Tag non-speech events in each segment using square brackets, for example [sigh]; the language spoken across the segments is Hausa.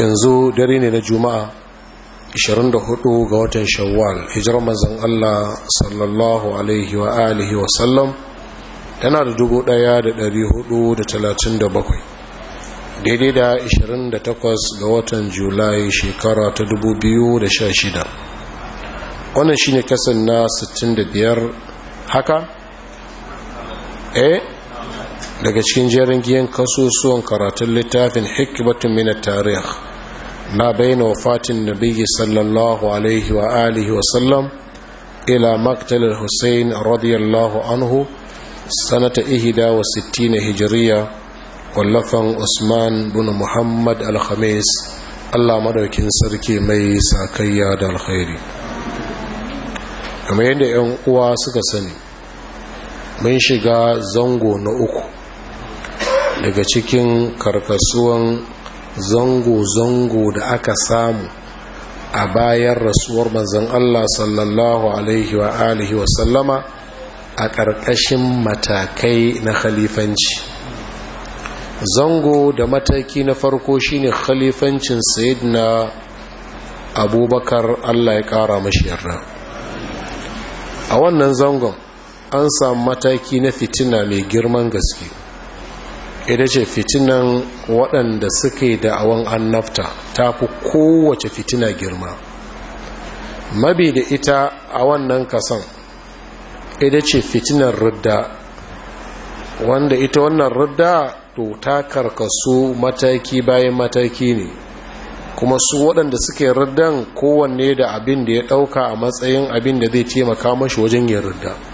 yanzu dare ne na juma'a 24 ga watan shawwal hijirar mazan Allah sallallahu alaihi wa alihi wa sallam yana da 1437 daidai da 28 ga watan julai shekara ta 2016 wannan shi ne kasan na 65 haka? eh daga cikin jerin giyan kasusuwan karatun littafin hikimatun minar tarih na bayyana wa fatin da biyu sallallahu alaihi wa alihi wa sallam ila maktalar hussain radiyallahu anhu sanata ihida wa sitti na hijiriya kwallafan usman bin muhammad alhamis allah madaukin sarki mai sakayya da alkhairi kamar yadda yan uwa suka sani mun shiga zango na uku daga cikin karkasuwan zango-zango da aka samu a bayan rasuwar manzon Allah sallallahu alaihi wa alihi wa sallama a ƙarƙashin matakai na khalifanci zango da mataki na farko shine khalifancin na abubakar Allah ya ƙara mashi yarda a wannan zangon an samu mataki na fitina mai girman gaske ita ce fitinan waɗanda suke da awon annabta ta fi kowace fitina girma mabi da ita a wannan kasan ita ce fitinan rudda wanda ita wannan rudda to ta karkasu mataki bayan mataki ne kuma su waɗanda suke ruddan kowanne da abin da ya ɗauka a matsayin abin da zai taimaka mashi wajen yin rudda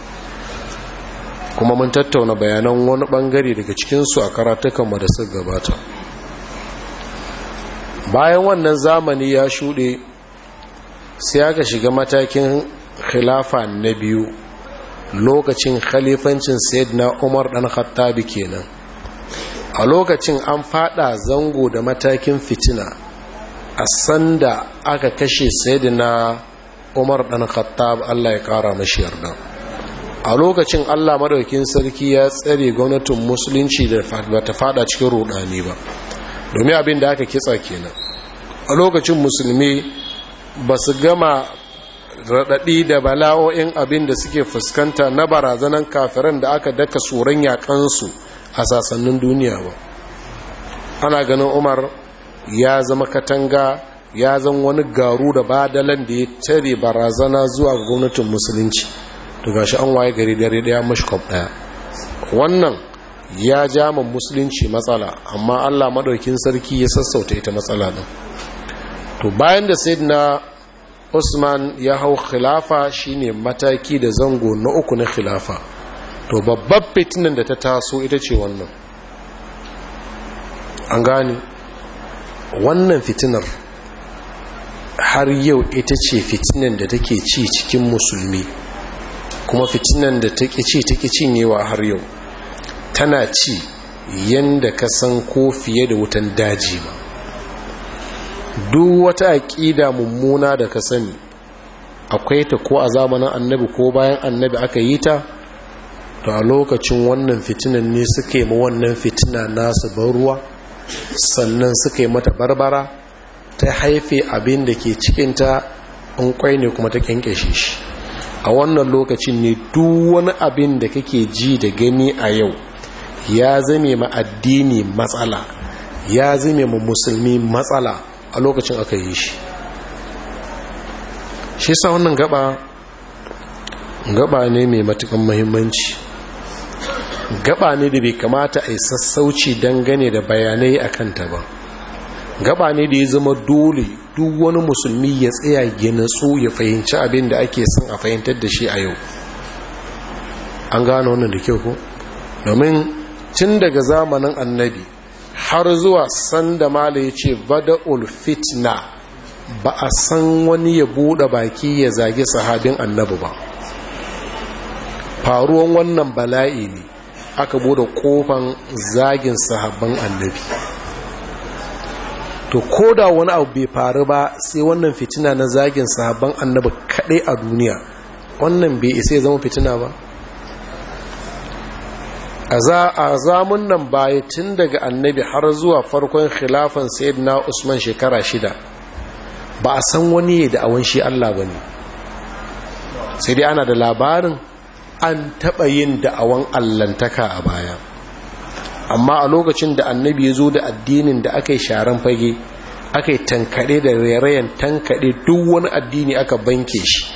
kuma mun tattauna bayanan wani bangare daga cikinsu a karatukanmu da suka gabata bayan wannan zamani ya shuɗe sai aka shiga matakin khilafa na biyu lokacin khalifancin na umar dan khattabi kenan a lokacin an fada zango da matakin fitina a sanda aka kashe na umar dan khattab Allah ya kara mashi yarda a lokacin allah maɗaukin sarki ya tsare gwamnatin musulunci da ta fada cikin rudani ba domin abin da aka kitsa kenan a lokacin musulmi ba su gama raɗaɗi da bala'o'in abin da suke fuskanta na barazanan kafiran da aka daka tsoron yaƙansu a sasannin duniya ba ana ganin umar ya zama katanga ya zama wani garu da badalan da ya tare barazana zuwa gwamnatin musulunci to gashi an waye gari dare daya mashkop daya wannan ya ja musulunci matsala amma Allah madaukin sarki ya sassauta ita matsala din to bayan da sayyidina Usman ya hau khilafa shine mataki da zango na uku na khilafa to babbar fitinan da ta taso ita ce wannan an gane wannan fitinar har yau ita ce fitinan da take ci cikin musulmi kuma fitinan da ta kici ta cinyewa har yau tana ci yanda ka san ko fiye da wutan daji ba duk wata aƙida mummuna da ka sani akwai ta ko a zamanin annabi ko bayan annabi aka yi ta to a lokacin wannan fitinan ne suke ma wannan fitina nasu ban ruwa sannan suke mata barbara ta haife abin da ke cikinta in kwai ne kuma ta kyankyashe shi a wannan lokacin ne duk wani abin da kake ji da gani a yau ya zame ma addini matsala ya zame ma musulmi matsala a lokacin aka yi shi shi sa wannan gaba gaba ne mai matukan mahimmanci gaba ne da bai kamata a yi sassauci dangane da bayanai a kanta ba gaba ne da ya zama dole duk wani musulmi ya tsaya gina ya fahimci abin da ake son a fahimtar da shi a yau an gano wannan da kyau ko domin tun daga zamanin annabi har zuwa sanda mala ya ce bada'ul fitna ba a san wani ya buɗe baki ya zagi sahabin annabi ba faruwan wannan bala'i ne aka buɗe ƙofan zagin sahabban annabi to ko da wani abu bai faru ba sai wannan fitina na zagin sahabban annabi kaɗai a duniya wannan bai isa ya zama fitina ba a zamun nan baya tun daga annabi har zuwa farkon khilafan sayyidina usman shekara shida ba a san wani ya da awon shi allah ba ne sai dai ana da labarin an taɓa yin da'awan allantaka a baya amma a lokacin da annabi ya zo da addinin da aka yi sharan fage aka yi tankade da rairayen tankade duk wani addini aka banke shi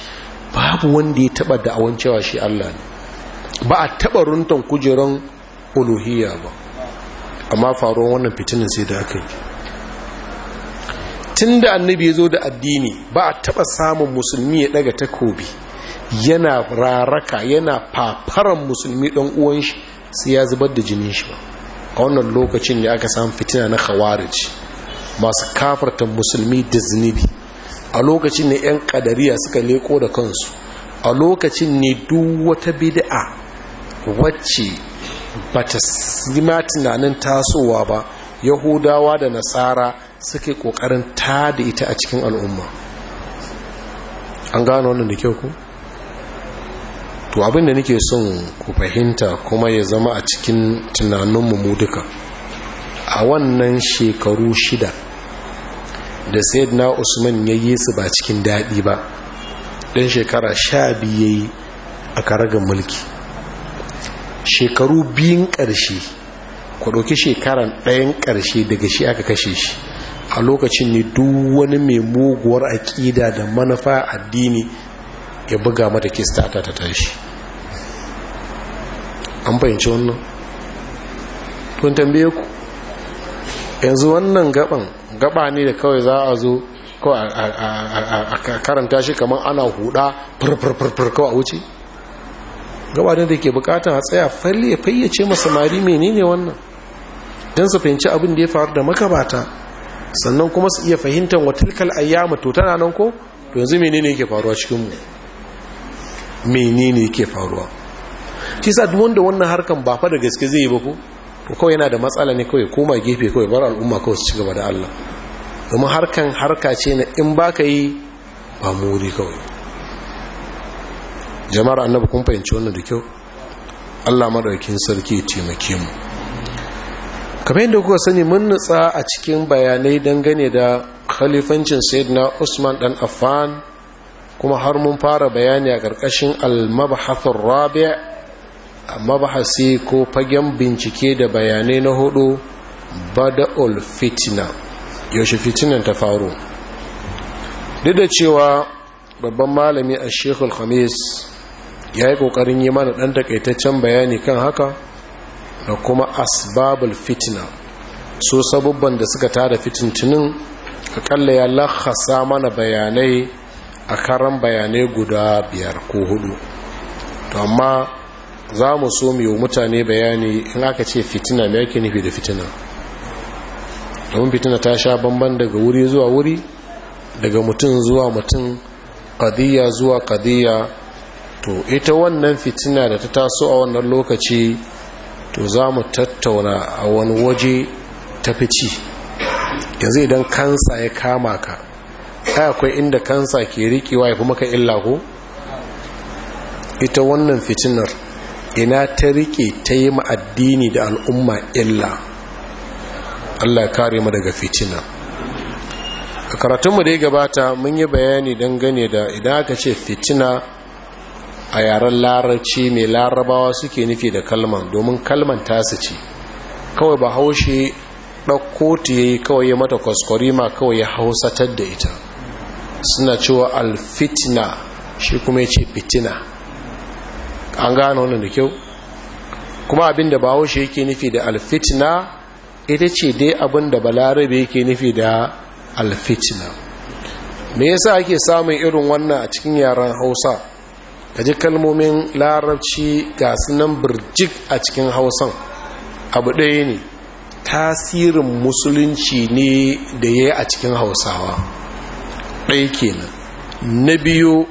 babu wanda ya taba awon cewa shi Allah ne ba a taba runtan kujeran uluhiyya ba amma faruwar wannan fitinin sai da aka yi tun da annabi ya zo da addini ba a taɓa samun musulmi ya ɗaga takobi yana raraka yana fafaran musulmi ɗan uwan shi sai ya zubar da jinin shi ba a wannan lokacin ya aka samu fitina na khawarij masu kafarta musulmi da zunubi a lokacin ne 'yan kadariya suka leko da kansu a lokacin ne duk wata bid'a wacce ba ta sima tunanin tasowa ba yahudawa da nasara suke kokarin da ita a cikin al'umma an gano wannan da kyau ku to abin da nake son ku fahimta kuma ya zama a cikin tunaninmu mu duka a wannan shekaru shida da said na usman ya yi su ba cikin daɗi ba ɗan shekara sha biye a karagar mulki shekaru biyun ƙarshe ku ɗauki shekaran ɗayan ƙarshe daga shi aka kashe shi a lokacin ne duk wani mai muguwar aƙida da manufa addini ya buga mata kista ta ta tashi an fahimci wannan tun tambaye ku yanzu wannan gaban gaba ne da kawai za a zo kawai a karanta shi kamar ana huda furfurfurfur kawai wuce gaba ne da ke bukatan a tsaya falle ya fayyace mari menene wannan don su fahimci abin da ya faru da makabata sannan kuma su iya fahimtar watilkal ayyama to tana nan ko to yanzu menene yake faruwa cikin mu menene ke faruwa shi sa duk wanda wannan harkan ba fa da gaske zai yi ba ko kawai yana da matsala ne kawai koma gefe kawai bar al'umma kawai su ci gaba da Allah domin harkan harka ce na in baka yi ba muri kawai jama'ar annabi kun fahimci wannan da kyau Allah madaukakin sarki ya taimake mu kamar yadda kuka sani mun nutsa a cikin bayanai dangane da khalifancin sayyidina Usman dan Afan. kuma har mun fara bayani a ƙarƙashin almabahathun rabi a mabahasi ko fagen bincike da bayanai na hudu bada'ul fitina yaushe fitinan ta faru duk da cewa babban malami a shekul khamis ya yi ƙoƙarin yi mana ɗan takaitaccen bayani kan haka da kuma asbabul fitina so sabubban da suka tada fitintinin akalla ya lakasa mana bayanai a karan bayanai guda biyar ko hudu to amma za mu so mu yi mutane bayani in aka ce fitina mai yake nufi da fitina domin fitina ta sha bamban daga wuri zuwa wuri daga mutum zuwa mutum kadiyya zuwa kadiyya to ita wannan fitina da ta taso a wannan lokaci to za mu tattauna a wani waje ta fici yanzu idan kansa ya kama ka ai akwai inda kansa ke rikewa ya fi maka illa ko ita wannan fitinar ina ta rike ta yi ma'addini da al'umma illa Allah ya kare mu daga fitina a karatunmu da ya gabata mun yi bayani don gane da idan aka ce fitina a yaren larabci mai larabawa suke nufi da kalman domin kalman tasu ce kawai ba haushe ɗauko ta yi kawai ya mata kwaskwarima kawai ya hausatar da ita suna cewa alfitina shi kuma ya ce fitina an gano wannan da kyau kuma abinda bawo shi yake nufi da alfitina ita ce dai abinda balarabe yake nufi da alfitina me yasa ake samun irin wannan a cikin yaren hausa ka ji kalmomin larabci ga sunan birjik a cikin hausan abu ɗaya ne tasirin musulunci ne da ya a cikin hausawa ɗaya kenan na biyu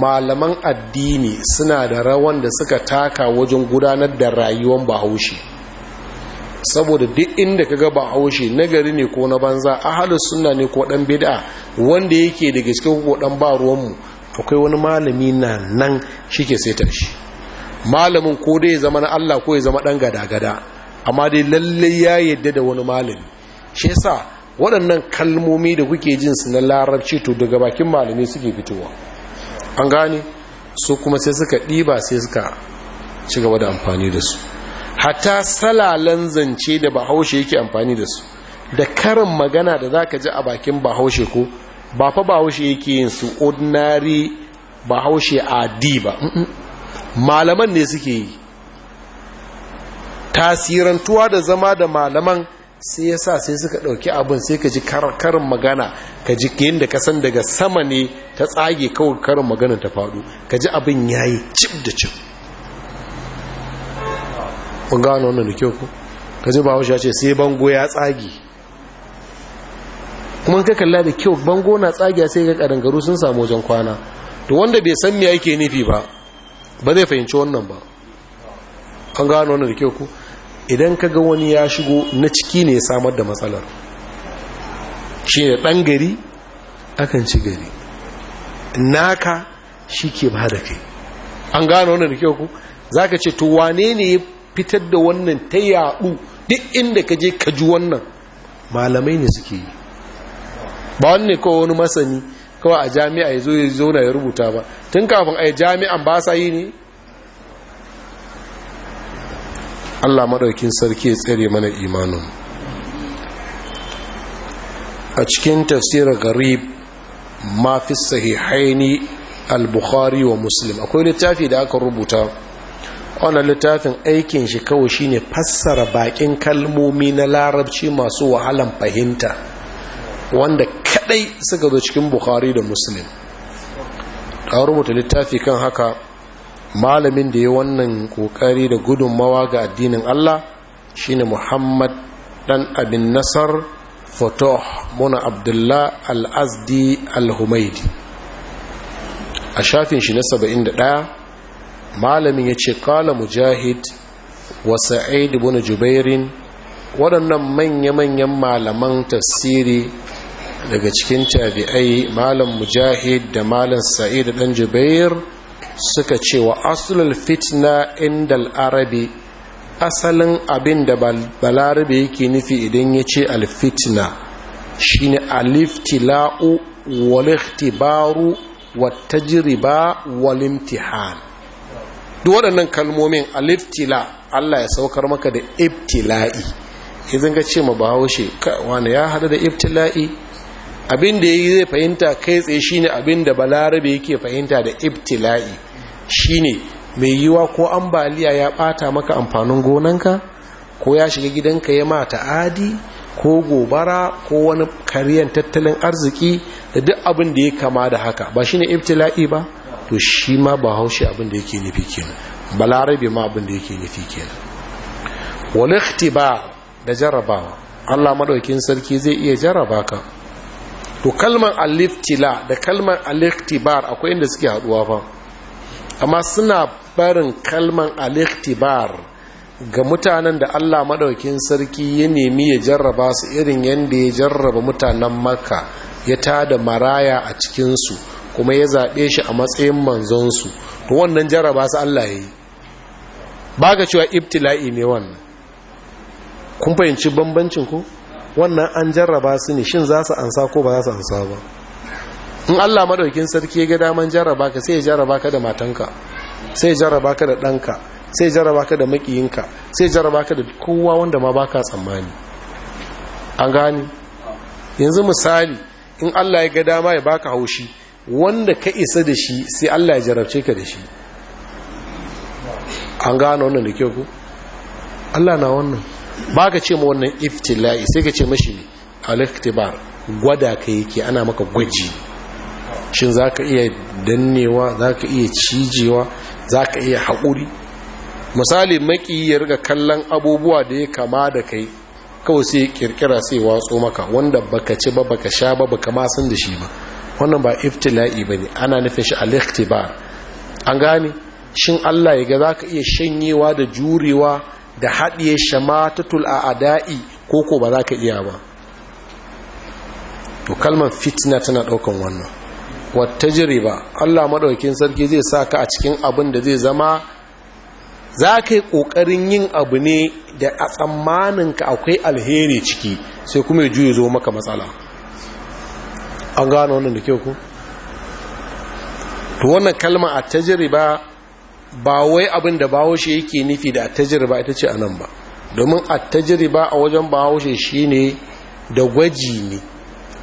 malaman addini suna da rawan da suka taka wajen gudanar da rayuwar bahaushe saboda duk inda ka ga bahaushe na gari ne ko na banza ahalus suna ne ko dan bid'a wanda yake daga cikin ko dan ba ruwanmu akwai wani malami na nan shike saitar shi malamin ko dai ya zama na Allah ko ya zama ɗan gada-gada amma dai lallai ya yadda da wani malami shi yasa waɗannan kalmomi da kuke jin su na larabci to daga bakin malami suke fitowa an gane su kuma sai suka ɗiba sai suka ci gaba da amfani da su hatta salalan zance da bahaushe yake amfani da su da karin magana da za ka ji a bakin bahaushe ko ba fa bahaushe yake yin su ordinary bahaushe adi ba malaman ne suke yi tasirantuwa da zama da malaman sai ya sa sai suka ɗauki abin sai ka ji karin magana ka ji yadda ka san daga sama ne ta tsage kawai karin magana ta faɗo ka ji abin ya yi cip da cip kun gano wannan da kyau ku ka ji bawa ya ce sai bango ya tsage kuma ka kalla da kyau bango na tsage sai ga ƙadangaru sun samu wajen kwana to wanda bai san me yake nufi ba ba zai fahimci wannan ba an gano wannan da kyau ku idan ka ga wani ya shigo na ciki ne samar da matsalar shi ne ɗan gari akan ci gari naka shi ke ba da kai an gano wannan da kyau ku za ka ce to wane ne ya fitar da wannan ta yaɗu duk inda ka je ka ji wannan malamai ne suke yi ba wani ne kawai wani masani kawai a jami'a ya zo ya zauna ya rubuta ba tun kafin a yi jami'an ba sa yi ne Allah maɗaukin sarki ya tsare mana imanin a cikin tafsirar garib ma fi sahihaini al-bukhari wa muslim akwai littafi da aka rubuta wannan littafin aikin shi kawai shine fassara bakin kalmomi na larabci masu wahalan fahimta wanda kadai suka zo cikin bukhari da muslim a rubuta littafi kan haka malamin da ya wannan kokari da gudunmawa ga addinin Allah shine Muhammad ɗan abin Nasar Fatoh Muna Abdullah Al-Azdi Al-Humaidi a shafin shi na 71 malamin ya ce kala Mujahid wa Sa'id ibn Jubairin waɗannan manya-manyan malaman tafsiri daga cikin tabi'ai malam Mujahid da malam Sa'id Ɗan Jubair suka ce wa asulul fitna inda arabe, asalin abin da balarabe yake nufi idan ya ce alfitna shine aliftila'u walikhtibaru wattajriba walimtihan duk waɗannan kalmomin aliftila Allah ya saukar maka da ibtila'i idan ka ce ma bahaushe wani ya hada da ibtila'i abin da yi zai fahimta kai tsaye shine abin da balarabe yake fahimta da ibtila'i shine mai yiwa ko ambaliya ya bata maka amfanin gonanka ko ya shiga gidanka ya mata adi ko gobara ko wani kariyan tattalin arziki da duk abin da ya kama da haka ba shine ibtila'i ba to shi ma ba haushi abin da yake nufi kenan balarabe ma abin da yake nufi kenan wal ikhtibar da jarabawa Allah madaukin sarki zai iya jaraba ka to kalman aliftila da kalman aliktibar akwai inda suke haduwa ba. amma suna barin kalman aliktibar ga mutanen da Allah maɗaukin sarki ya nemi ya jarraba su irin yadda ya jarraba mutanen maka ya tada maraya a cikinsu kuma ya zaɓe shi a matsayin manzonsu to wannan jarraba su Allah ya yi ba ga cewa ibtila'i ne wannan kun fahimci bambancin ku wannan an jarraba su ne shin za su ansa ko ba za su ansa ba in Allah madaukin sarki ga daman jarraba ka sai ya jarraba ka da matanka sai ya jarraba ka da ɗanka sai ya jarraba ka da makiyinka sai ya jarraba ka da kowa wanda ma baka tsammani an gani yanzu misali in Allah ya ga dama ya baka haushi wanda ka isa da shi sai Allah ya jarabce ka da shi an gano wannan da kyau ku Allah na wannan ba ka ce ma wannan iftila'i sai ka ce mashi al-iktibar gwada ka yake ana maka gwaji shin za ka iya dannewa za ka iya cijewa za ka iya haƙuri misali maki ya riga kallon abubuwa da ya kama da kai kawai sai kirkira sai watso maka wanda baka ci ba baka sha ba baka ma san da shi ba wannan ba iftila'i ne ana nufin shi al ba. an gane shin Allah ya ga ka iya shanyewa da jurewa da haɗiye shamatatul a'da'i ko ko ba ka iya ba to kalmar fitna tana ɗaukan wannan wata jiriba allah maɗaukin sarki zai sa ka a cikin abin da zai zama za ka yi ƙoƙarin yin abu ne da a tsammanin ka akwai alheri ciki sai kuma ya juya zo maka matsala an gano wannan da kyau ku to wannan kalma a tajiriba ba wai abin da bahaushe yake nufi da a tajiriba ita ce a nan ba domin a tajiriba a wajen bahaushe ne da gwaji ne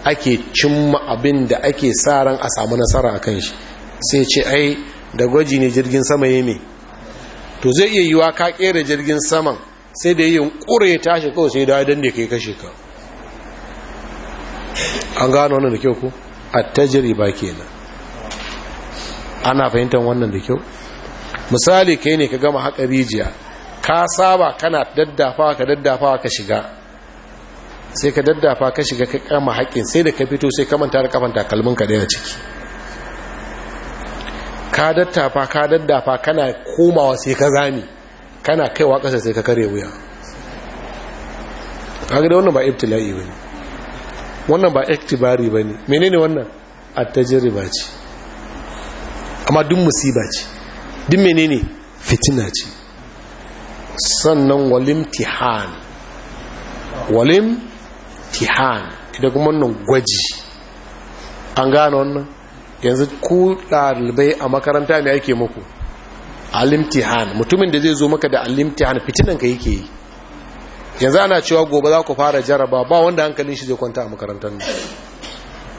ake cimma abin da ake sa ran a samu nasara a kan shi sai ce ai da gwaji ne jirgin sama ya me to zai iya yiwa ka kera jirgin saman sai da yin kure ya tashi kawai sai da dan da kai kashe ka an gano wannan da kyau ko ba tajriba kenan ana fahimtar wannan da kyau misali kai ne ka gama haka rijiya ka saba kana daddafa ka daddafawa ka shiga sai ka daddafa ka shiga ka kama haƙƙin sai da ka fito sai ka manta da kafan takalmin ka daya ciki ka daddafa ka daddafa kana komawa sai ka zami kana kaiwa ƙasa sai ka kare wuya kaga da wannan ba ibtila'i ne wannan ba iktibari mene menene wannan attajiri ba ce amma duk musiba ce mene ne fitina ce sannan walimtihan walim imtihan da kuma wannan gwaji an gane wannan yanzu ku ɗalibai a makaranta ne ake muku alimtihan mutumin da zai zo maka da alimtihan fitinan ka yake yi yanzu ana cewa gobe za ku fara jaraba ba wanda hankalin shi zai kwanta a makarantar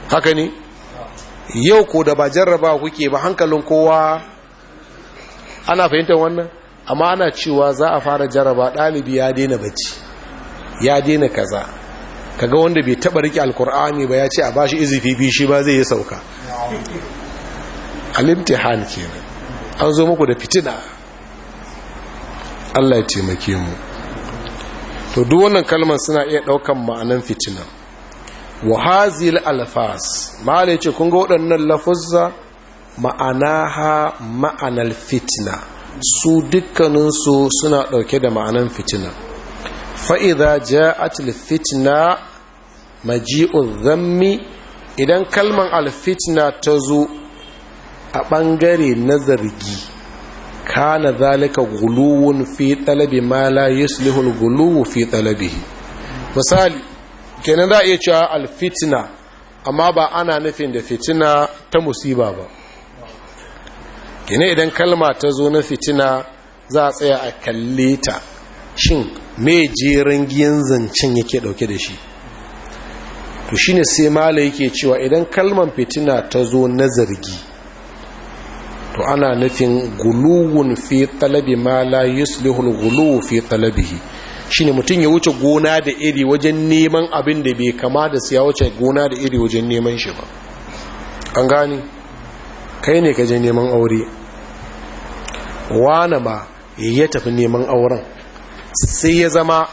haka ne yau ko da ba jaraba kuke ba hankalin kowa ana fahimtar wannan amma ana cewa za a fara jaraba ɗalibi ya daina bacci ya daina kaza kaga wanda bai taba rike alkur'ani ba ya ce a bashi izifi bi shi ba zai yi sauka alimtihan kenan an zo muku da fitina Allah ya taimake mu to duk wannan kalmar suna iya daukan ma'anan fitina wa hazil alfas malai ce kun ga waɗannan lafuzza ma'anaha ma'anal fitina su dukkaninsu suna ɗauke da ma'anan fitina fa'iza ja'at ma maji'un zammi idan kalman alfitna ta zo a ɓangare na zargi kana zalika guluwun fi talabi ma la yuslihu guluwu fi talabihi misali kenan za a iya cewa alfitina amma ba ana nufin da fitina ta musiba ba kenan idan kalma ta zo na fitina za a tsaya a kalle ta shin mai jerin giyan zancen yake dauke da shi to shine sai mala yake cewa idan kalman fitina ta zo na zargi to ana nufin guluwun fi talabi mala la yuslihul fi talabihi shine mutum ya wuce gona da iri wajen neman abin da bai kama da ya wuce gona da iri wajen neman shi ba an gani kai ne ka je neman aure wane ba ya tafi neman auren sai ya zama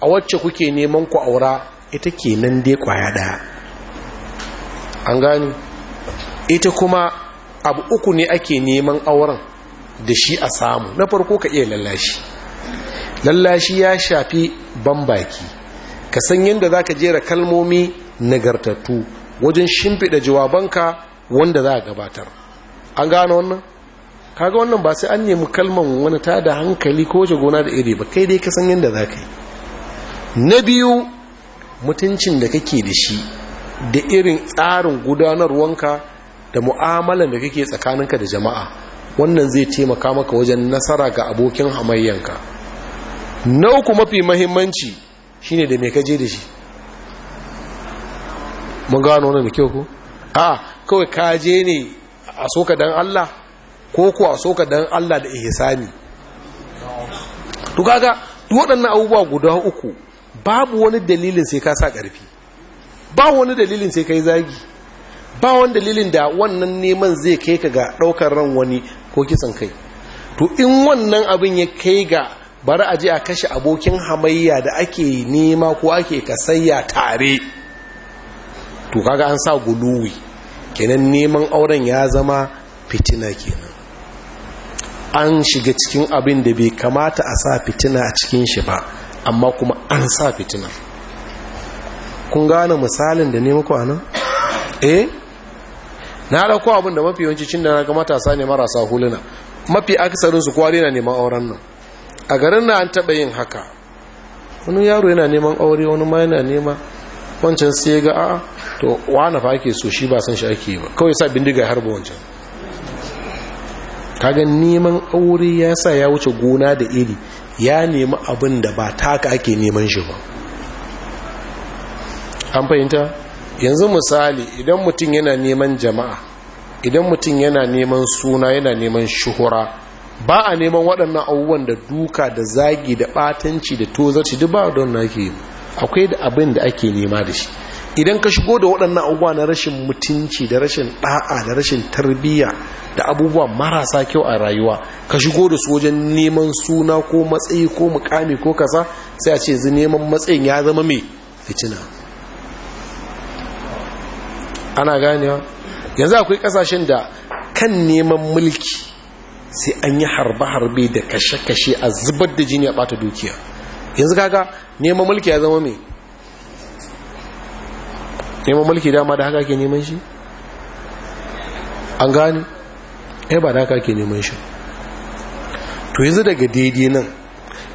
a wacce kuke neman ku aura ita nan dai kwaya daya an gani ita kuma abu uku ne ake neman auren da shi a samu na farko ka iya lallashi lallashi ya shafi bambaki ka san yadda za ka jera kalmomi nagartattu wajen shimfiɗa jawabanka wanda za a gabatar an gano wannan kaga wannan ba sai an nemi kalman wani ta da hankali ko wace gona da iri ba kai dai kasan yadda za ka yi na biyu mutuncin da kake da shi da irin tsarin gudanarwanka da mu'amalan da kake tsakaninka da jama'a wannan zai taimaka maka wajen nasara ga abokin hamayyanka na uku mafi mahimmanci shine da mai kaje da shi mun gano wannan da kyau ko a kawai kaje ne a soka dan Allah ko kuwa so ka dan Allah da ihsani to kaga waɗannan abubuwa guda uku babu wani dalilin sai ka sa ƙarfi ba wani dalilin sai ka zagi ba wani dalilin da wannan neman zai kai ka ga ɗaukar ran wani ko kisan kai to in wannan abin ya kai ga bari a je a kashe abokin hamayya da ake nema ko ake kasayya tare to kaga an sa guluwi kenan neman auren ya zama fitina kenan an shiga cikin abin da bai kamata a sa fitina a cikin shi ba amma kuma an sa fitina kun gane misalin da ne muku eh na dauko abin da mafi yawanci cin da na ga matasa ne marasa huluna mafi aksarinsu kwari na neman auren nan a garin na an taɓa yin haka wani yaro yana neman aure wani ma yana nema wancan sai ga a to wani fa ake so shi ba san shi ake yi ba kawai sa bindiga harba wancan kaga neman aure ya sa ya wuce gona da iri ya nemi abin da ba taka ake neman shi ba an fahimta yanzu misali idan mutum yana neman jama'a idan mutum yana neman suna yana neman shuhura ba a neman waɗannan abubuwan da duka da zagi da batanci da tozarci duk ba don na ke akwai da abin da ake nema da shi idan ka shigo da waɗannan abubuwa na rashin mutunci da rashin ɗa'a da rashin tarbiyya da abubuwa marasa kyau a rayuwa ka shigo da su wajen neman suna ko matsayi ko mukami ko kasa sai a ce zai neman matsayin ya zama mai fitina ana ganewa yanzu akwai ƙasashen da kan neman mulki sai an yi harbe-harbe da kashe-kashe a zubar da jini a ɓata dukiya yanzu kaga neman mulki ya zama mai neman mulki dama da haka ke neman shi an gani ya eh, ba da haka ke neman shi to yanzu daga daidai nan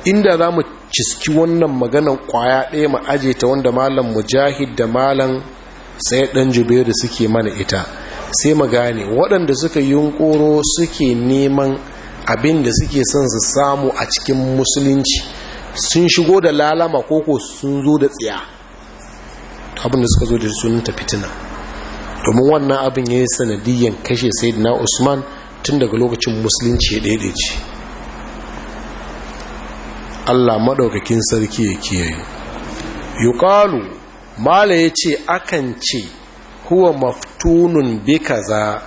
inda za mu ciski wannan maganan kwaya ɗaya mu aje ta wanda malam mujahid da malam sai ɗan jubairu suke mana ita sai mu gane waɗanda suka yunkuro suke neman abin da suke son su samu a cikin musulunci sun shigo da lalama koko sun zo da tsiya abinda suka zo da sunanta fitina domin wannan abin ya yi sanadiyyar kashe sayyidina usman tun daga lokacin musulunci ya daidaici allah maɗaukakin sarki ya kiyaye yukalu mala ya ce akan ce huwa maftunun bi kaza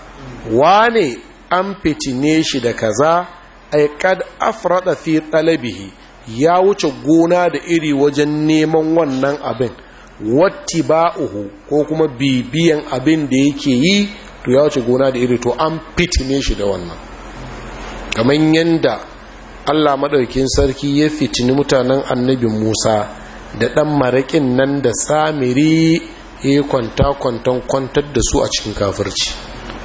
wane an fitine shi da kaza ai kad afrada fi talabihi ya wuce gona da iri wajen neman wannan abin uhu ko kuma bibiyan abin da yake yi to ya wuce gona da iri to an fitine shi da wannan kamar yadda Allah maɗaukin sarki ya fitini mutanen annabin Musa da ɗan maraƙin nan da samiri ya kwanta kwantan kwantar da su a cikin kafirci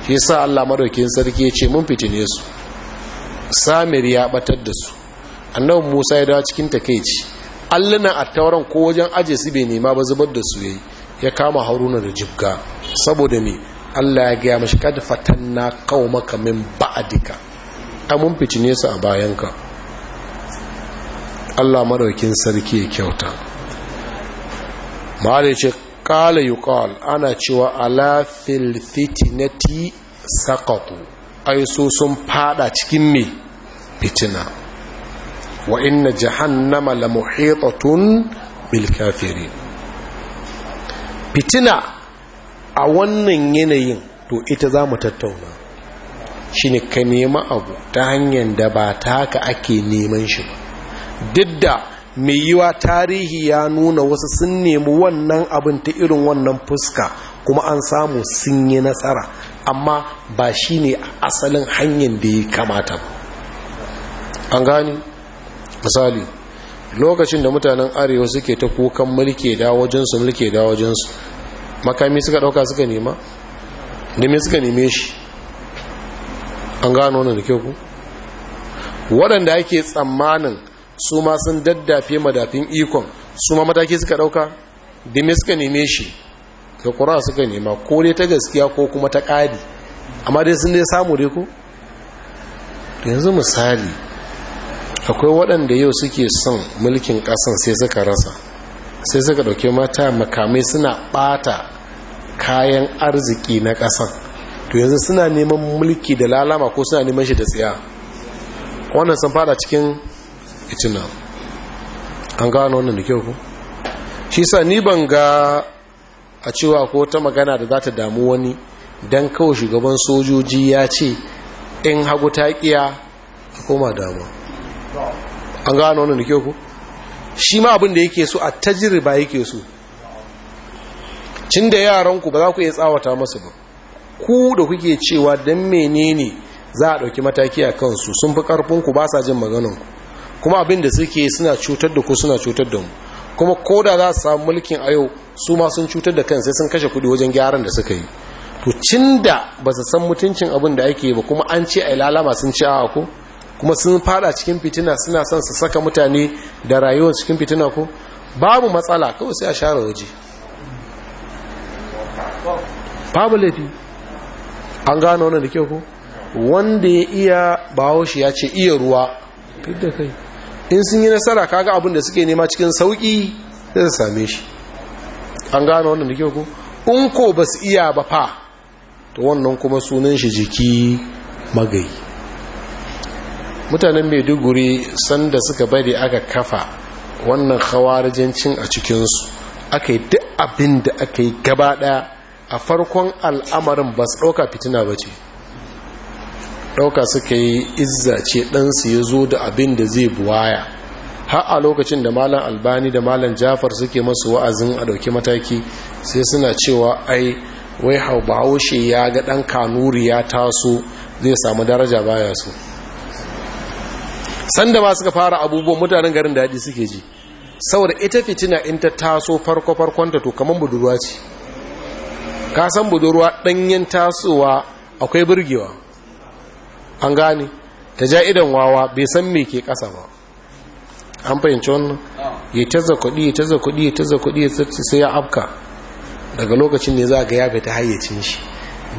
shi sa Allah maɗaukin sarki ya ce mun fitine su samiri ya ɓatar da su annabin Musa ya dawo cikin takaici allunan tauran ko wajen aje su bai nema ba zubar da su yi, ya kama haruna da jibga saboda me Allah ya gaya mashi na kawo maka min ba'dika mun ficine su a bayanka Allah maraukin sarki ya kyauta mare ce kala kawal ana cewa ala na ti saqatu ai so sun fada cikin me fitina wa inna jahannama la muhitatun bil kafirin fitina a wannan yanayin to ita za mu tattauna shine ka nema abu ta hanyar da ba ta haka ake neman shi ba duk da mai yiwa tarihi ya nuna wasu sun nemi wannan abin ta irin wannan fuska kuma an samu sun yi nasara amma ba shi ne asalin hanyar da ya kamata ba an gani misali lokacin da mutanen arewa suke ta kukan mulke da wajensu mulke da wajensu makami suka dauka suka nema da suka neme shi an gano wannan da kyau ku waɗanda ake tsammanin su ma sun daddafe madafin ikon su ma mataki suka dauka da suka neme shi da ƙura suka nema ko dai ta gaskiya ko kuma ta ƙari, amma dai sun dai samu dai ku. yanzu misali akwai waɗanda yau suke son mulkin ƙasan sai suka rasa sai suka ɗauke mata makamai suna ɓata kayan arziki na ƙasan to yanzu suna neman mulki da lalama ko suna neman shi da tsaya wannan sun fada cikin itina an gano wannan da kyau ku shi sa ni ban ga a cewa ko ta magana da za ta damu wani don kawo shugaban sojoji ya ce in hagu ta ƙiya a koma damu an gano wani da ku shi ma abin da yake so a tajiriba yake so cin da yaranku ba za ku iya tsawata masu ba ku da kuke cewa don menene za a ɗauki mataki a kansu sun fi ƙarfinku ba sa jin magananku kuma abin da suke suna cutar da ku suna cutar da mu kuma ko da za su samu mulkin a yau su ma sun cutar da kansu sun kashe kuɗi wajen gyaran da suka yi to cin da ba su san mutuncin abin da ake ba kuma an ce a lalama sun ci a ku kuma sun fada cikin fitina suna son su saka mutane da rayuwa cikin fitina ko babu matsala kawai sai a share waje babu laifi an gano wannan da kyau ko wanda ya iya bawo shi ya ce iya ruwa fidda kai in sun yi nasara kaga abin da suke nema cikin sauki sai su same shi an gano wannan da kyau ko in ko ba su iya ba fa to wannan kuma sunan shi jiki magayi mutanen maiduguri sanda suka bari aka kafa wannan khawarijancin a cikinsu aka yi duk abin da aka yi gaba daya a farkon al'amarin ba su ɗauka fitina ba ce ɗauka suka yi izza ce ɗansu ya zo da abin da zai buwaya har a lokacin da malam albani da malam jafar suke masu wa'azin a ɗauki mataki sai suna cewa ai wai hau bahaushe ya ga ɗan kanuri ya taso zai samu daraja baya su sanda ba suka fara abubuwan mutanen garin daɗi suke ji saboda ita fitina in ta taso farko farkonta to kamar budurwa ce ka san budurwa ɗanyen tasowa akwai burgewa an gane ta ja idan wawa bai san me ke ƙasa ba an fahimci wannan ya taza kuɗi ya taza kuɗi ya taza kuɗi ya tsarci sai ya afka daga lokacin ne za ga ya fita hayyacin shi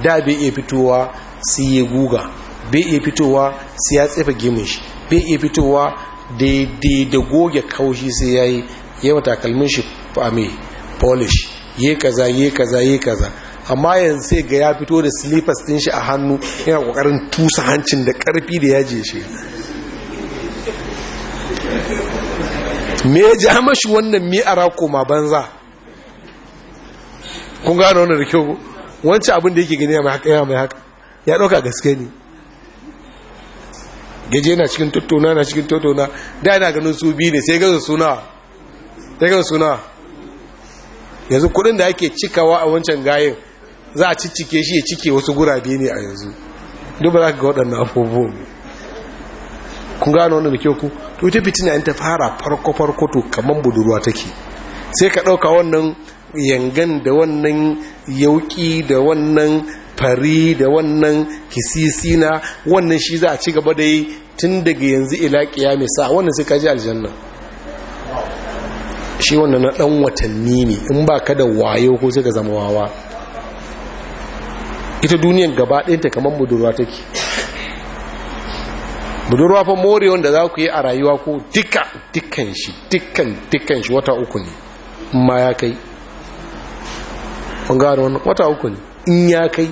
da bai iya fitowa sai ya guga bai iya fitowa sai ya tsefa gemun shi bai iya fitowa daidai da goge kaushi sai ya yi yawa takalmin shi fame polish ya kaza ya kaza ya kaza amma yanzu sai ga ya fito da slippers din shi a hannu yana kokarin tusa hancin da karfi da yaje shi me ji ja mashi wannan mi ara koma banza kun gano wannan da kyau wancan abin da yake gani ya mai haka ya mai haka ya ɗauka gaske ne gaje na cikin tattauna na cikin tattauna da yana ganin su biyu ne sai gaza suna sai gaza suna yanzu kudin da ake cikawa a wancan gayin za a ciccike shi ya cike wasu gurabe ne a yanzu duk ba za ka ga waɗannan ne. kun gano wannan da kyau ku to ita fitina in ta fara farko farko to kamar budurwa take sai ka ɗauka wannan yangan da wannan yauki da wannan fari da wannan kisisina wannan shi za a ci gaba da yi tun daga yanzu ila mai sa wannan sai kaji aljanna shi wannan na dan watanni ne in ba ka da wayo ko sai ka zama wawa ita duniyan gaba ɗinta kamar budurwa take budurwa fa more wanda za ku yi a rayuwa ko dika dikan shi dikan dikan shi wata uku ne ma ya kai wata uku ne in ya kai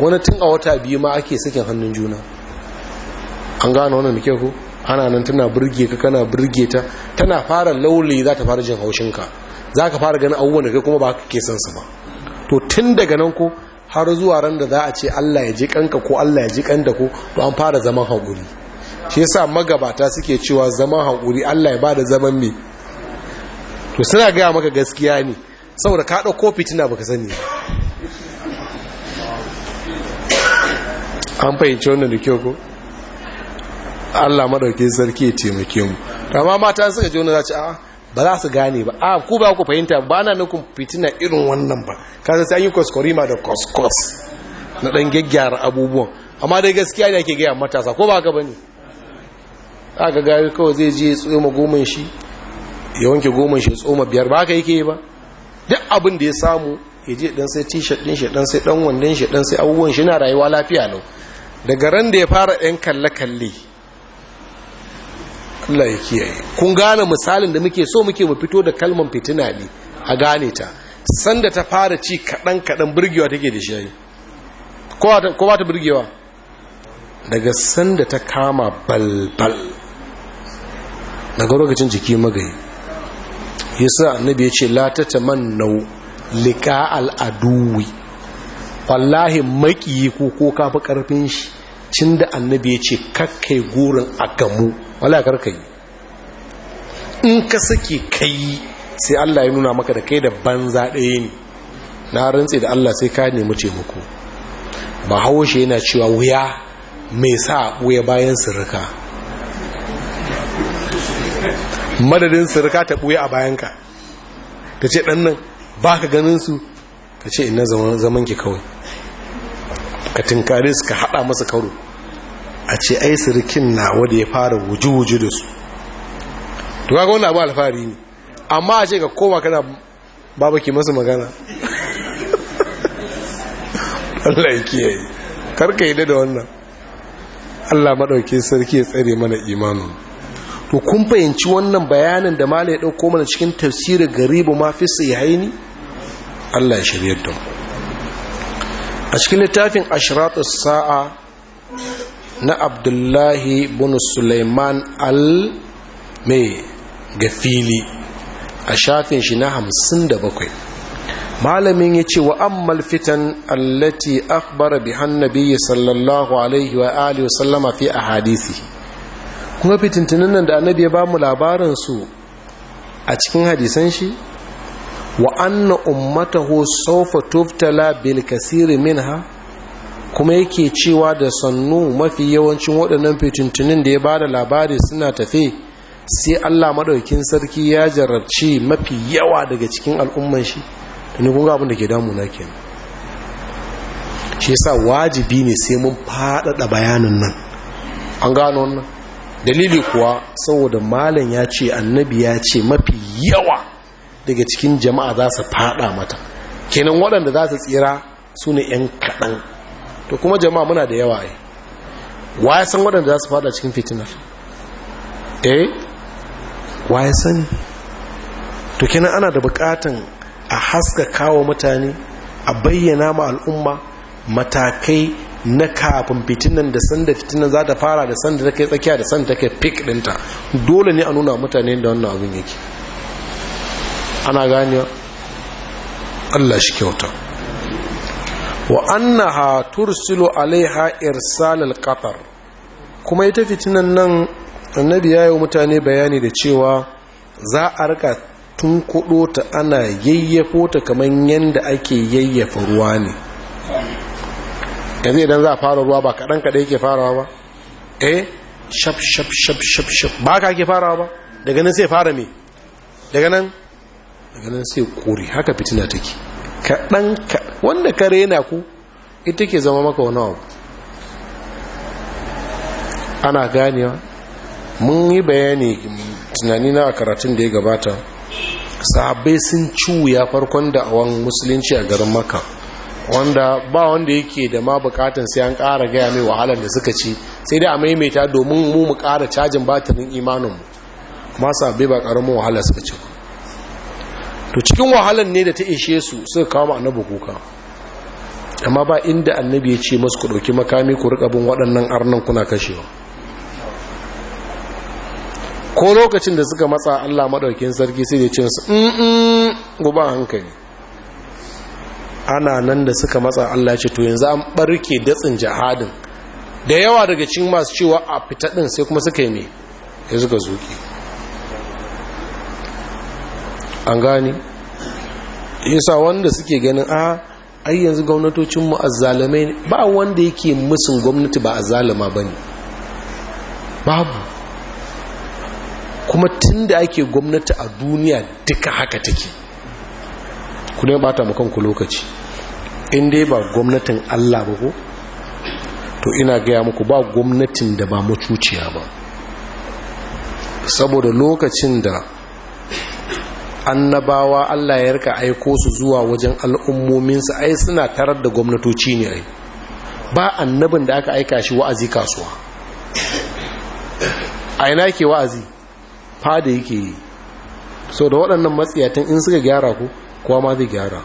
wani tun a wata biyu ma ake sakin hannun juna an gano wannan muke ku ana nan tana burge ka kana burge ta tana fara lauli za ta fara jin haushinka za ka fara ganin abubuwan da kai kuma ba ka ke son su ba to tun daga nan ko har zuwa ran da za a ce Allah ya ji kanka ko Allah ya ji kanta ko to an fara zaman haƙuri shi yasa magabata suke cewa zaman haƙuri Allah ya ba da zaman me to suna gaya maka gaskiya ne saboda ka ɗauko fitina baka sani an fahimci wannan da kyau ko Allah madauke sarki ya taimake mu amma mata suka ji wannan za ce a ba za su gane ba a ku ba ku fahimta ba na nukun fitina irin wannan ba kasa sai an yi kwaskwarima da kwaskwas na dan gyaggyara abubuwan amma dai gaskiya ne ake gaya matasa ko ba ka bane aka gari kawai zai je tsoma goman shi ya wanke goman shi tsoma biyar ba ka yake ba duk abin da ya samu ya je dan sai t-shirt din shi dan sai dan wandon shi dan sai abubuwan shi na rayuwa lafiya lau daga ran da ya fara ɗan kalle-kalle Allah ya kiyaye kun gane misalin da muke so muke mu fito da kalman fitina ne a gane ta sanda ta fara ci kaɗan-kaɗan birgewa take da shi ko ba ta birgewa daga sanda ta kama balbal daga lokacin jiki magayi yasa annabi ya ce latata ta tamannau liqa al wallahi makiyi ko ko fi karfin shi cin da annabi ya ce kakkai gurin a gamu wala karkai in ka sake kai sai Allah ya nuna maka da kai da banza ɗaya ne na rantse da Allah sai ka nemi taimako ba haushe yana cewa wuya mai sa wuya bayan sirrika madadin sirrika ta buya a bayanka ta ce ɗannan ba ka ganin su ka ce ina zaman ki kawai ka tinkare su ka haɗa masa karo a ce ai sirkin na wadda ya fara wuju-wuju da su to ga wannan abu alfahari ne amma a ce ka koma kana baba ki masa magana [laughs] Allah kiyaye karka yi da wannan Allah madauke sarki ya tsare mana imanin to kun fahimci wannan bayanin da malai ya dauko mana cikin tafsirin garibu ma fi haini. Allah ya shirye don a cikin littafin ashiratu sa'a na Abdullahi bin Suleiman al mai gafili a shafin shi na hamsin da bakwai malamin ya ce wa ammal fitan allati akbar bi hannabi sallallahu alaihi wa alihi sallama fi hadithi. kuma fitintunan da annabi ya ba mu labarin su a cikin hadisan shi wa ummataho ummatahu sawfa tuftala bil minha kuma yake cewa da sannu mafi yawancin waɗannan fituntunin da ya ba da labari suna tafe sai Allah maɗaukin sarki ya jarrabci mafi yawa daga cikin al'umman shi da ni ga abin da ke damuna ke shi yasa wajibi ne sai mun faɗaɗa bayanin nan an gano wannan dalili kuwa saboda malam ya ce annabi ya ce mafi yawa daga cikin jama'a za su fada mata kenan waɗanda za su tsira su ne 'yan kaɗan to kuma jama'a muna da yawa ai waye san waɗanda za su fada cikin fitinar eh waye sani to kenan ana da buƙatan a haska kawo mutane a bayyana ma al'umma matakai na kafin fitinan da sanda fitinan za ta fara da sanda ta kai tsakiya da sanda ta kai fik ɗinta dole ne a nuna mutane da wannan abin yake ana gani Allah shi kyauta wa annaha tursilu alaiha irsalal qatar kuma ita fitinan nan annabi ya yi mutane bayani da cewa za a rika tun kudo ta ana yayyafo ta kamar yadda ake yayyafa ruwa ne yanzu idan za a fara ruwa ba kaɗan kaɗai ke farawa ba eh shaf shaf shaf shaf shaf ba ka ke farawa ba daga nan sai fara me daga nan daga nan sai kori haka fitina take kaɗan wanda ka rena ku ita ke zama maka wani abu ana ganewa mun yi bayani mm, tunani na karatun da ya gabata sahabbai sun cuya farkon da awon musulunci a garin maka wanda ba wanda yake da ma bukatan sai an kara gaya mai wahalar da suka ci sai dai a maimaita domin mu mu kara cajin batirin imanin masu abai ba karamin wahala suka ci ku to cikin wahalan ne da ta ishe su suka kawo ma annabi kuka amma ba inda annabi ya ce masu ku ɗauki makami ku rika bin waɗannan arnan kuna kashewa ko lokacin da suka matsa allah maɗaukin sarki sai da ce su guba hankali ana nan da suka matsa allah ce to yanzu an ɓarke datsin jihadin da yawa daga cikin masu cewa a fitaɗin sai kuma suka yi ne ya suka zuke an ya yasa wanda suke ganin a ah, ai yanzu gwamnatocinmu azzalamai ne ba wanda yake musun gwamnati ba azzalama ba ne babu kuma tun da ake gwamnati a duniya duka haka take kuna bata mu kanku lokaci in dai ba gwamnatin allah ba ko to ina gaya muku ba gwamnatin da ba mutuciya ba saboda lokacin da annabawa Allah ya rika aiko su zuwa wajen al'ummominsu ai suna tarar da gwamnatoci ne ai ba annabin da aka aika shi wa'azi kasuwa a ina ke wa'azi fada yake yi so da waɗannan matsiyatan in suka gyara ku kowa ma zai gyara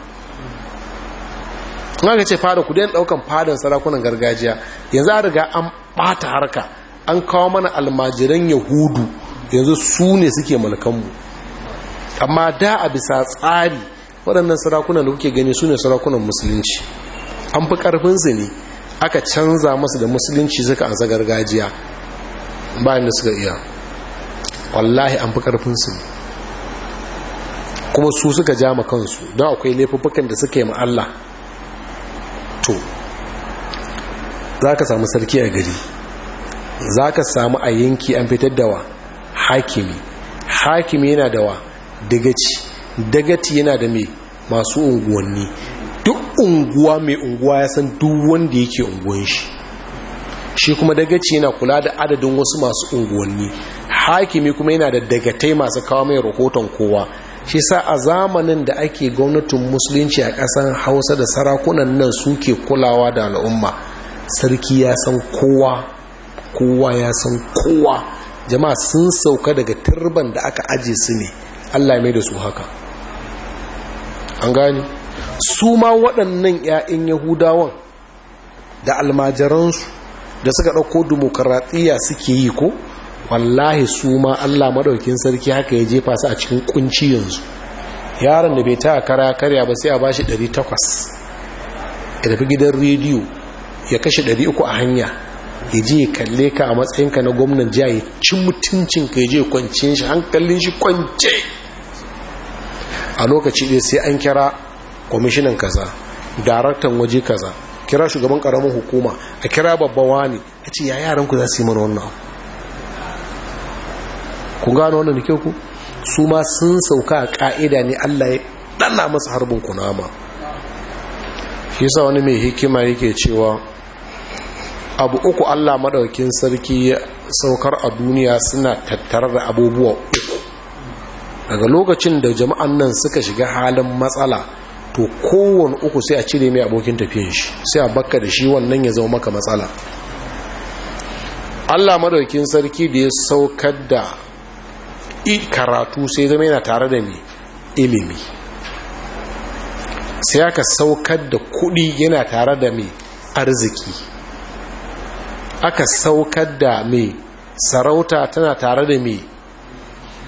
kuma ka ce fada ku dai ɗaukan fadan sarakunan gargajiya yanzu a riga an ɓata harka an kawo mana almajiran yahudu yanzu su ne suke mulkanmu amma da a bisa tsari waɗannan sarakunan da kuke gani su ne sarakunan musulunci an fi ƙarfinsu ne aka canza masu da musulunci suka a gargajiya bayan da suka iya wallahi an fi ƙarfinsu ne kuma su suka ja ma kansu don akwai laifuffukan da suka yi ma Allah to za ka samu sarki a gari za ka samu a yanki an fitar da wa hakimi hakimi yana da wa dagaci dagaci yana da mai masu unguwanni duk unguwa mai unguwa ya san duk wanda yake unguwan shi shi kuma dagaci yana kula da adadin wasu masu unguwanni hakimi kuma yana da dagatai masu kawo mai rahoton kowa shi sa a zamanin da ake gwamnatin musulunci a ƙasar hausa da sarakunan nan suke kulawa da al'umma sarki ya san kowa kowa ya san kowa jama'a sun sauka daga turban da aka aje su ne Allah ya mai da su haka an gani su ma waɗannan 'ya'yan yahudawan da almajiransu da suka ɗauko dimokuraɗiyya suke yi ko wallahi su ma Allah maɗaukin sarki haka ya jefa su a cikin ƙunci yanzu yaron da bai ta kara karya ba sai a ba shi 800 ya tafi gidan rediyo ya kashe 300 a hanya ya je ya kalle ka a matsayinka na gwamnan jiya ya ci mutuncin ka ya je kwanci shi hankalin shi kwance a lokaci ɗaya sai an kira kwamishinan kaza daraktan waje kaza kira shugaban karamin hukuma a kira babban wani a ce ya yaran ku za su yi mana wannan ku gano wannan da ku su ma sun sauka a ka'ida ne allah ya ɗana masa harbin kunama shi sa wani mai hikima yake cewa abu uku Allah madaukin sarki ya saukar a duniya suna tattare da abubuwa uku daga lokacin da jama'an nan suka shiga halin matsala to kowane uku sai a cire mai abokin tafiyan shi sai a bakka da shi wannan ya zama maka matsala Allah madaukin sarki da ya saukar da karatu sai zama yana tare da mai ilimi sai aka saukar da kuɗi yana tare da mai arziki aka saukar da mai sarauta tana tare da mai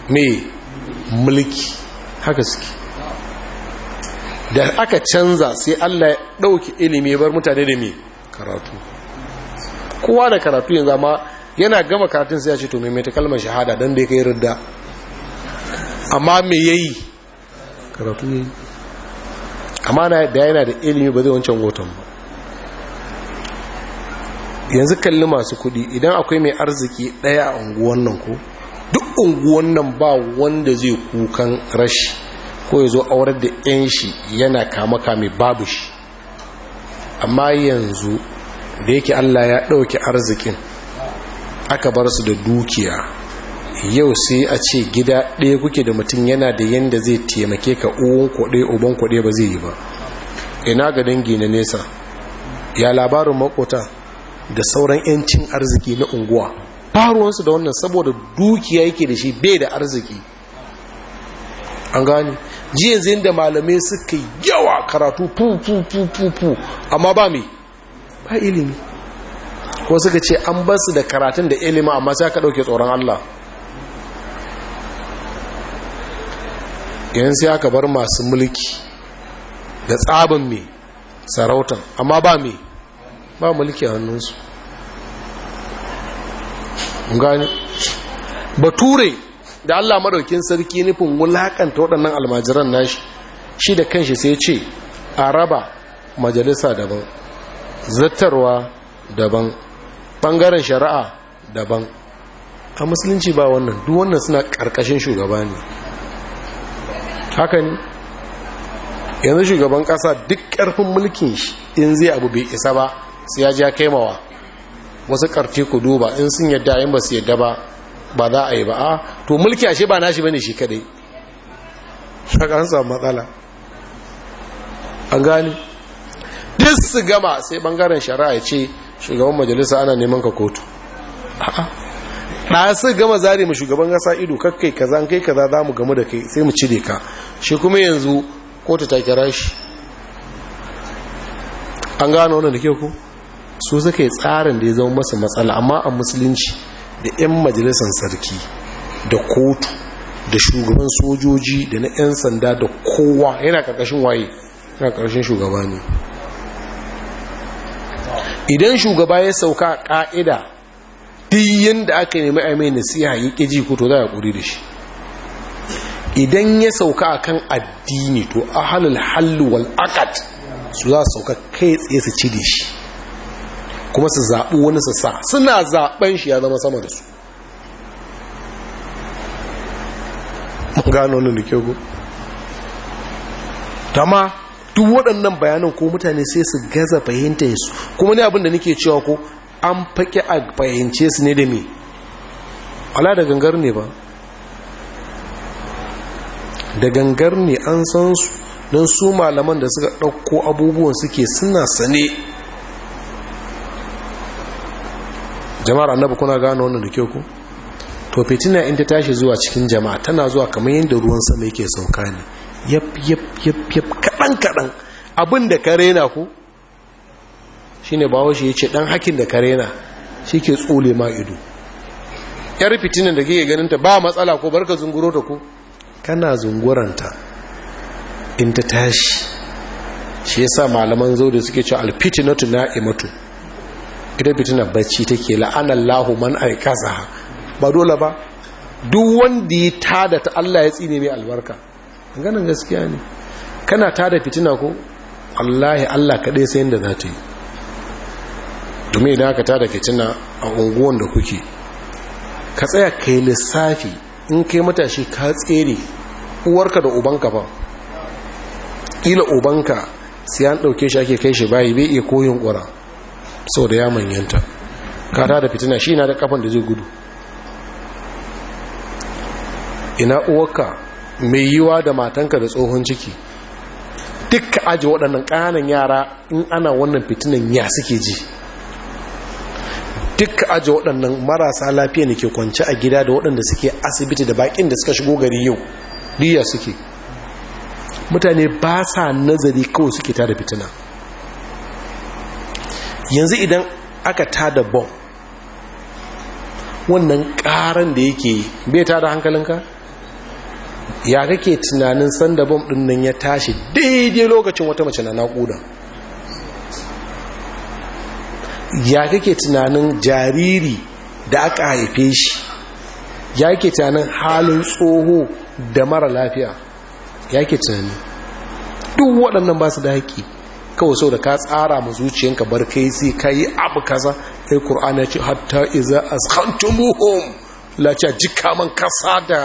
mai mulki haka suke da aka canza sai Allah ya ɗauki ilimi bar mutane da mai karatu kowa da karatu yanzu amma yana gama karatun sai ya ce to mai ta kalmar shahada don da ya kai rudda amma me yayi karatu yayi amma da yana da ilimi ba zai wancan watan ba yanzu kalli masu kudi idan akwai mai arziki daya a unguwan nan ko duk unguwan nan ba wanda zai kukan rashi ko ya zo aurar da 'yan shi yana kama kame babu shi amma yanzu da yake allah ya ɗauki arzikin aka bar su da dukiya yau sai a ce gida ɗaya kuke da mutum yana da yanda zai taimake ka uwan kwaɗe uban kwaɗe ba zai yi ba ina ga dangi na nesa ya labarin makota da sauran 'yancin arziki na unguwa faruwansu da wannan saboda dukiya yake da shi bai da arziki an gani jiyan zai da malamai suka yawa karatu fu amma ba mai ba ilimi ko suka ce an basu da karatun da ilimi amma sai aka ɗauke tsoron Allah yanzu sai aka bar masu mulki da tsabin mai sarautan amma ba mai ba mulki hannunsu gani bature da allah maɗaukin sarki nufin wulaƙanta waɗannan almajiran nashi shi da kanshi sai ce a raba majalisa daban zattarwa daban ɓangaren shari'a daban a musulunci ba wannan duk wannan suna ƙarƙashin shugaba ne haka ne yanzu shugaban ƙasa duk ƙarfin mulkin shi in zai abu bai isa ba sai ya ja kaimawa wasu karfi ku duba in sun yadda in ba su yadda ba ba za a yi ba a ah, to mulki ashe ba nashi bane shi kadai shakansa matsala an gani duk su gama sai bangaren shari'a ya ce shugaban majalisa ana neman ka kotu ɗaya su gama zare mu shugaban kasa ido kakkai kaza an kai kaza za mu gamu da kai sai mu cire ka shi kuma yanzu kotu ta kira shi an gano wannan da ke ku su suka yi tsarin da ya zama masa matsala amma a musulunci da 'yan majalisar sarki da kotu da shugaban sojoji da na 'yan sanda da kowa yana karkashin waye yana karkashin shugaba ne idan shugaba ya sauka ka'ida diyin da aka nemi a mai nasiha ya ƙiji ko to za a ƙuri da shi idan ya sauka a kan addini to halal hallu wal'akat su za su sauka kai tsaye su ci da shi kuma su zaɓi wani su sa suna zaɓen shi ya zama sama da su gano wani da Ta tama duk waɗannan bayanan ko mutane sai su gaza fahimtar su kuma ne abin nake cewa ko an faƙi a fahimce su ne da me ala da gangar ne ba da gangar ne an san su don su malaman da suka ɗauko abubuwan suke suna sane jama'ar annabi kuna gane wannan da kyau ku to fitina in ta tashi zuwa cikin jama'a tana zuwa kamar yadda ruwan sama yake sauka ne yap yap yap yap kadan kadan abin da ka rena ku shine bawo shi yace dan hakin da ka rena shike tsole ma ido yar fitinan da kike ganin ta ba matsala ko barka zunguro ta ko kana zunguranta in ta tashi shi yasa malaman zo suke cewa fitinatu na'imatu ita fitina bacci take la'anallahu man aikasa ba dole ba duk wanda ya tada ta Allah ya tsine mai albarka ganin gaskiya ne kana tada fitina ko wallahi Allah kaɗai sai inda za ta yi domin idan ka tada fitina a unguwan da kuke ka tsaya ka yi lissafi in kai matashi ka tsere uwarka da ubanka ba ila ubanka sai an ɗauke shi ake kai shi bayi bai iya koyin ƙura sau da ya manyanta kata da fitina shi na da kafan da zai gudu ina uwarka mai yiwa da matanka da tsohon ciki dukka aji waɗannan ƙananan yara in ana wannan fitinan ya suke ji dukka aji waɗannan marasa lafiya ne ke kwanci a gida da waɗanda suke asibiti da baƙin da suka shigo gari yau riya suke mutane ba sa nazari kawai suke tada fitina yanzu idan aka tada bom wannan karan da yake bai tada hankalinka ya kake tunanin sanda bom din nan ya tashi daidai lokacin wata mace na naƙuda ya kake tunanin jariri da aka haife shi ya ke tunanin halin tsoho da mara lafiya ya ke tunani duk waɗannan ba su da haƙƙi kawai sau da ka tsara ma zuciyanka bar kai sai ka yi abu kaza sai Kur'an ya ce hatta iza azkhantumuhum la ta jika man kasa da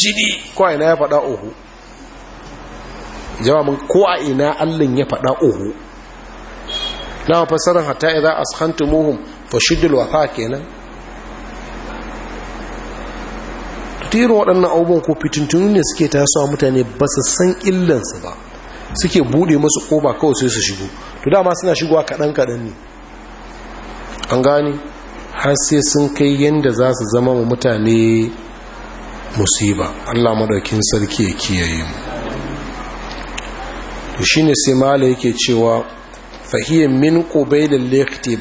jini ko ina ya faɗa ohu jawabin ko a ina allin ya faɗa ohu na fasarar hatta iza askantumuhum fa shidul wafa kenan tiro waɗannan abubuwan ko fitintunu ne suke tasowa mutane ba su san illansu ba suke bude musu koba kawai sai su shigo to dama suna shigowa kaɗan kaɗan ne an gani har sai sun kai yadda za su zama wa mutane musiba allah madaukin sarki ya kiyaye mu to shine sai mala yake cewa fahiyar min ƙubailin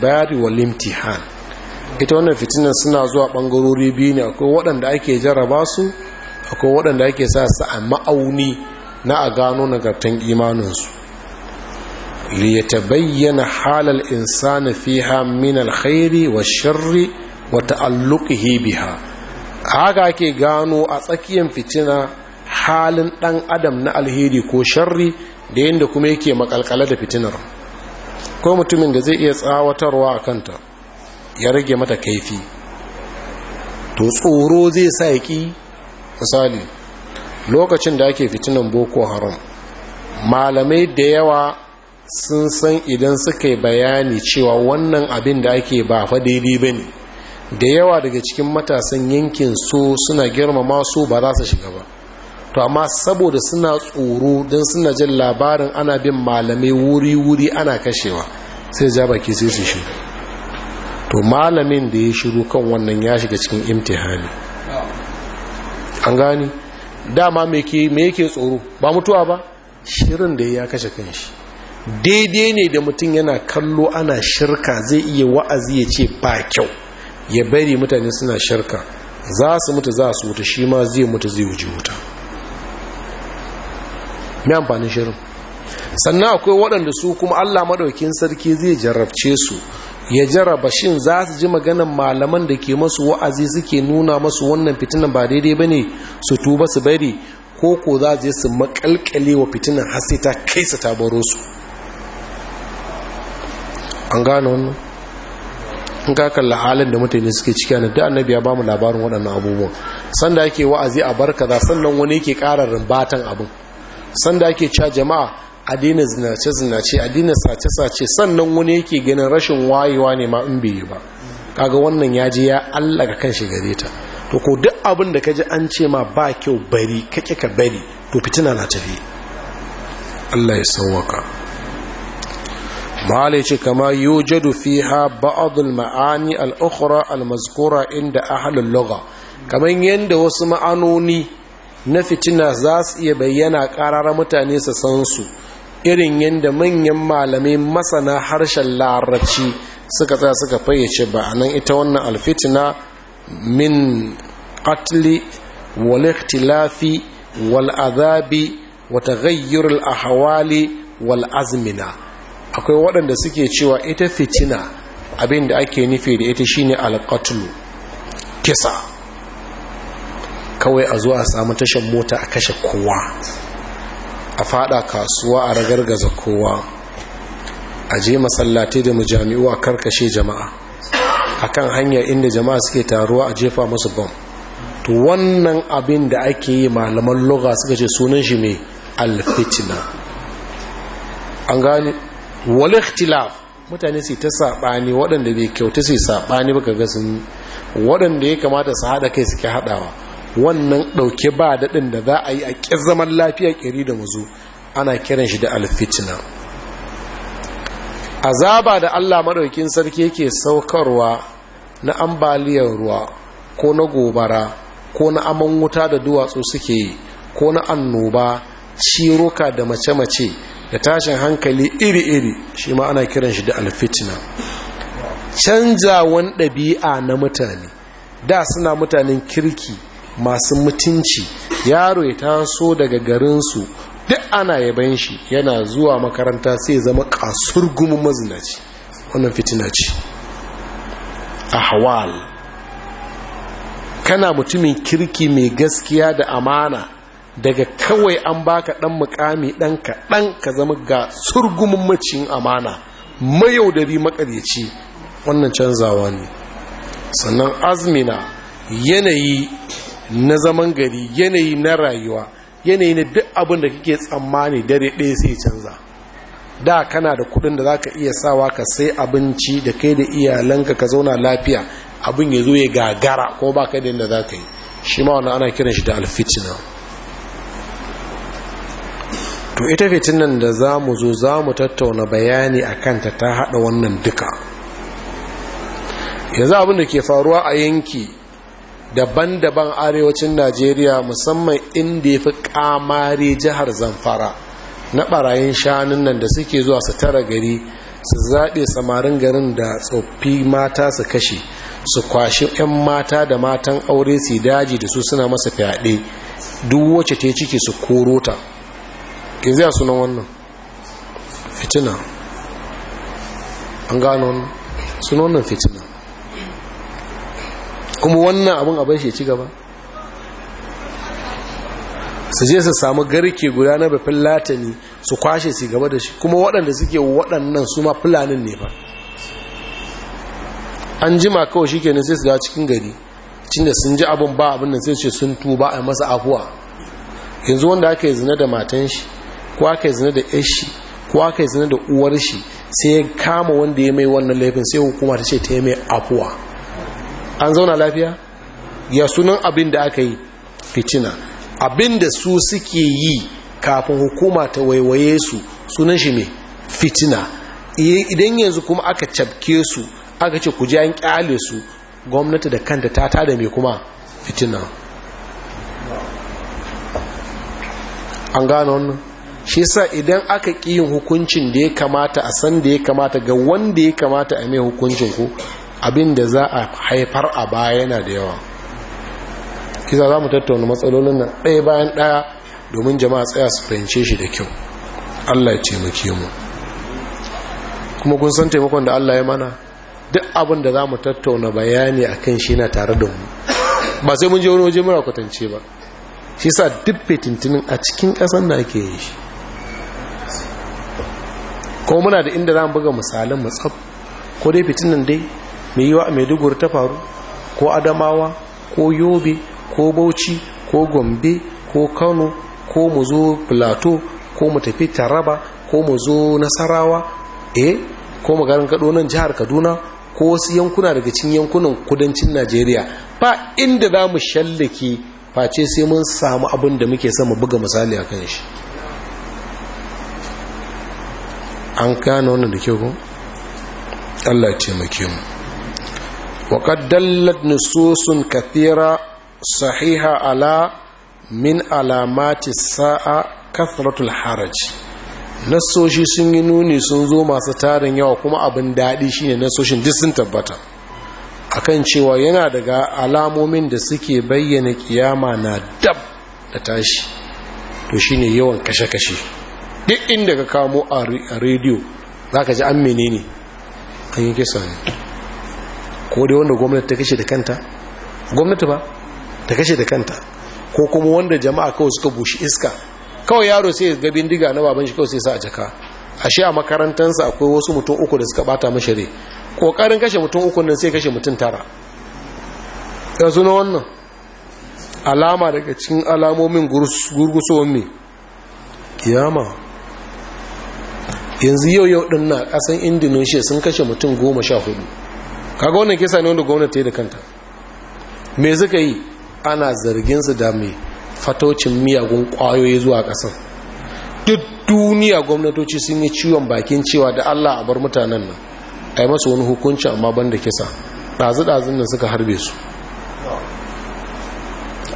bayari wa limtihan ita wannan fitinan suna zuwa ɓangarori biyu ne akwai waɗanda ake jarraba su akwai waɗanda ake sa su a ma'auni na a gano nagartan imaninsu li bayyana halal insani fiha min alkhairi wa shirri wa ta'alluqihi biha haka ke gano a tsakiyar fitina halin ɗan adam na alheri ko shirri da yadda kuma yake makalkala da fitinar ko mutumin da zai iya tsawatarwa a kanta ya rage mata kaifi to tsoro zai sa ya ki misali lokacin da ake fitinan boko haram malamai da yawa sun san idan suka yi bayani cewa wannan abin da ake ba fa daidai ba ne da yawa daga cikin matasan yankin su suna girmama su ba za su shiga ba to amma saboda suna tsoro don suna jin labarin ana bin malamai wuri-wuri ana kashewa sai ja baki sai su shi to malamin da ya shiru kan wannan ya shiga cikin imtihani an gani dama me yake tsoro ba mutuwa ba shirin da ya kashe kanshi daidai ne da mutum yana kallo ana shirka zai iya wa'azi ya ce ba kyau ya bari mutane suna shirka za su mutu za su wuta shi ma zai mutu zai wuce wuta mai amfanin shirin sannan akwai waɗanda su kuma allah maɗaukin sarki zai jarrabce su ya jaraba shin za su ji maganan malaman da ke masu wa'azi suke nuna masu wannan fitinan ba daidai ba ne su tuba su bari ko ko za su je su makalkale wa fitinan har ta kai su ta baro su an gano wannan in ka kalla halin da mutane suke ciki a da annabi ya bamu labarin waɗannan abubuwan sanda ake wa'azi a za sannan wani yake ƙara rumbatan abin sanda ake cewa jama'a a zinace-zinace a sace-sace sannan wani yake ganin rashin wayewa ne ma in bai ba kaga wannan ya je ya allaka kan shi gare ta to ko duk abin da kaji an ce ma ba kyau bari kake ka bari to fitina na tafi Allah ya sauwaka malai ce kama yujadu fiha ba'd al-ma'ani al-ukhra al-mazkura inda ahli al-lugha kaman yanda wasu ma'anoni na fitina za su iya bayyana ƙarara mutane su san su irin yadda manyan malamai masana harshen larabci suka tsaya suka fayyace ba a nan ita wannan alfitina min katli wal wal azabi wa taghayyur ahwali wal azmina akwai waɗanda suke cewa ita fitina abinda ake nufi da ita shine al kisa kawai a zuwa a samu tashar mota a kashe kowa a fada kasuwa a ragargaza kowa a je masallatai da mujami'u a karkashe jama'a a kan hanyar inda jama'a suke taruwa a jefa musu bom to wannan abin da ake yi malaman loga suka ce sunan shi mai alfitina an gane wale mutane su ta saɓani waɗanda bai kyauta su saɓani ba ga sun waɗanda ya kamata su haɗa kai suke haɗawa wannan ɗauke ba daɗin da za a yi a ƙi zaman lafiya ƙiri da muzu ana kiran shi da alfitina azaba da allah maɗaukin sarki yake saukarwa na ambaliyar ruwa ko na gobara ko na aman wuta da duwatsu suke yi ko na annoba ciroka da mace-mace da tashin hankali iri-iri shi ma ana kiran shi da alfitina canjawan ɗabi'a na mutane da suna mutanen kirki masu mutunci yaro ya taso daga garinsu duk ana yaban shi yana zuwa makaranta sai zama kasur gumin mazinaci wannan fitina ce a hawal kana mutumin kirki mai gaskiya da amana daga kawai an baka dan mukami dan kaɗan ka zama ga surgumin macin amana mayaudari makaryaci wannan canzawa ne sannan azmina yanayi na zaman gari yanayi na rayuwa yanayi na duk abin da kake tsammani dare ɗaya sai canza da kana da kudin da za ka iya sawa ka sai abinci da kai da iyalanka ka zauna lafiya abin ya zo ya gagara ko ba ka da yadda za ka yi shi ma wannan ana kiran shi da alfitina to ita fitinan da za mu zo za mu tattauna bayani a kanta ta haɗa wannan duka yanzu abin da ke faruwa a yanki daban-daban arewacin najeriya musamman inda ya fi kamari jihar zamfara na barayin shanun nan da suke zuwa su tara gari su zaɓe samarin garin da tsoffi mata su kashe su kwashi 'yan mata da matan aure su daji da su suna masa fyaɗe duk wacce ta ciki su koro ta ke sunan wannan fitina an gano sunan wannan fitina kuma wannan abin abin shi ci gaba su je su samu garke guda na bafin latani su kwashe su gaba da shi kuma waɗanda suke waɗannan su ma fulanin ne ba an jima kawai shi kenan sai su da cikin gari cinda sun ji abin ba abin nan sai ce sun tuba a masa afuwa yanzu wanda aka yi zina da matan shi ko aka yi zina da yar shi ko aka yi zina da uwar shi sai ya kama wanda ya mai wannan laifin sai hukuma ta ce ta yi mai afuwa an zauna lafiya ya sunan abin da aka yi fitina abin da su suke yi kafin hukuma ta waiwaye su sunan shi mai fitina idan yanzu kuma aka cabke su aka ce ku ji an kyale su gwamnati da kanta ta tada mai kuma fitina an gano wannan shi sa idan aka ƙi yin hukuncin da ya kamata a san da ya kamata ga wanda ya kamata a mai hukuncin ku abin da za a haifar a baya yana da yawa kisa za mu tattauna matsalolin nan ɗaya bayan ɗaya domin jama'a tsaya su fahimce shi da kyau allah ya taimake mu kuma kun san taimakon da allah ya mana duk abin da za mu tattauna bayani a kan shi na tare da mu ba sai mun je wani waje mura kwatance ba shi sa duk fitintinin a cikin ƙasan da ake yi shi kuma muna da inda za mu buga misalin matsab ko dai fitinin dai mai yiwa a maiduguri ta faru ko adamawa ko yobe ko bauchi ko gombe ko kano ko mu zo plateau ko mu tafi taraba ko mu zo nasarawa eh ko mu garin gado nan jihar kaduna ko wasu yankuna daga cikin yankunan kudancin najeriya ba inda za mu shallake face sai mun samu abin da muke son mu buga misali a kan shi an gane wannan da kyau Allah ya taimake mu وقد دلت نصوص كثيرة صحيحة على من علامات الساعة كثرة الحرج nassoshi sun yi nuni sun zo masu tarin yawa kuma abin daɗi shine nasoshin duk sun tabbata akan cewa yana daga alamomin da suke bayyana ƙiyama na dab da tashi to shine yawan kashe-kashe duk inda ka kamo a rediyo za ka ji an an yi kisa ko dai wanda gwamnati ta kashe da kanta gwamnati ba ta kashe da kanta ko kuma wanda jama'a kawai suka bushi iska kawai yaro sai ga bindiga na baban shi kawai sai sa a jaka ashe a makarantansa akwai wasu mutum uku da suka bata mashi rai kokarin kashe mutum uku nan sai kashe mutum tara Yanzu suna wannan alama daga cikin alamomin gurgusowar ne kiyama yanzu yau yau din na kasan indonesia sun kashe mutum goma sha hudu kaga wannan kisa ne wanda gwamnati ta yi da kanta me suka yi ana zargin su da mai fatocin miyagun kwayoyi zuwa kasan duk duniya gwamnatoci sun yi ciwon bakin cewa da Allah a bar mutanen nan a yi masa wani hukunci amma banda kisa ɗazu dazun nan suka harbe su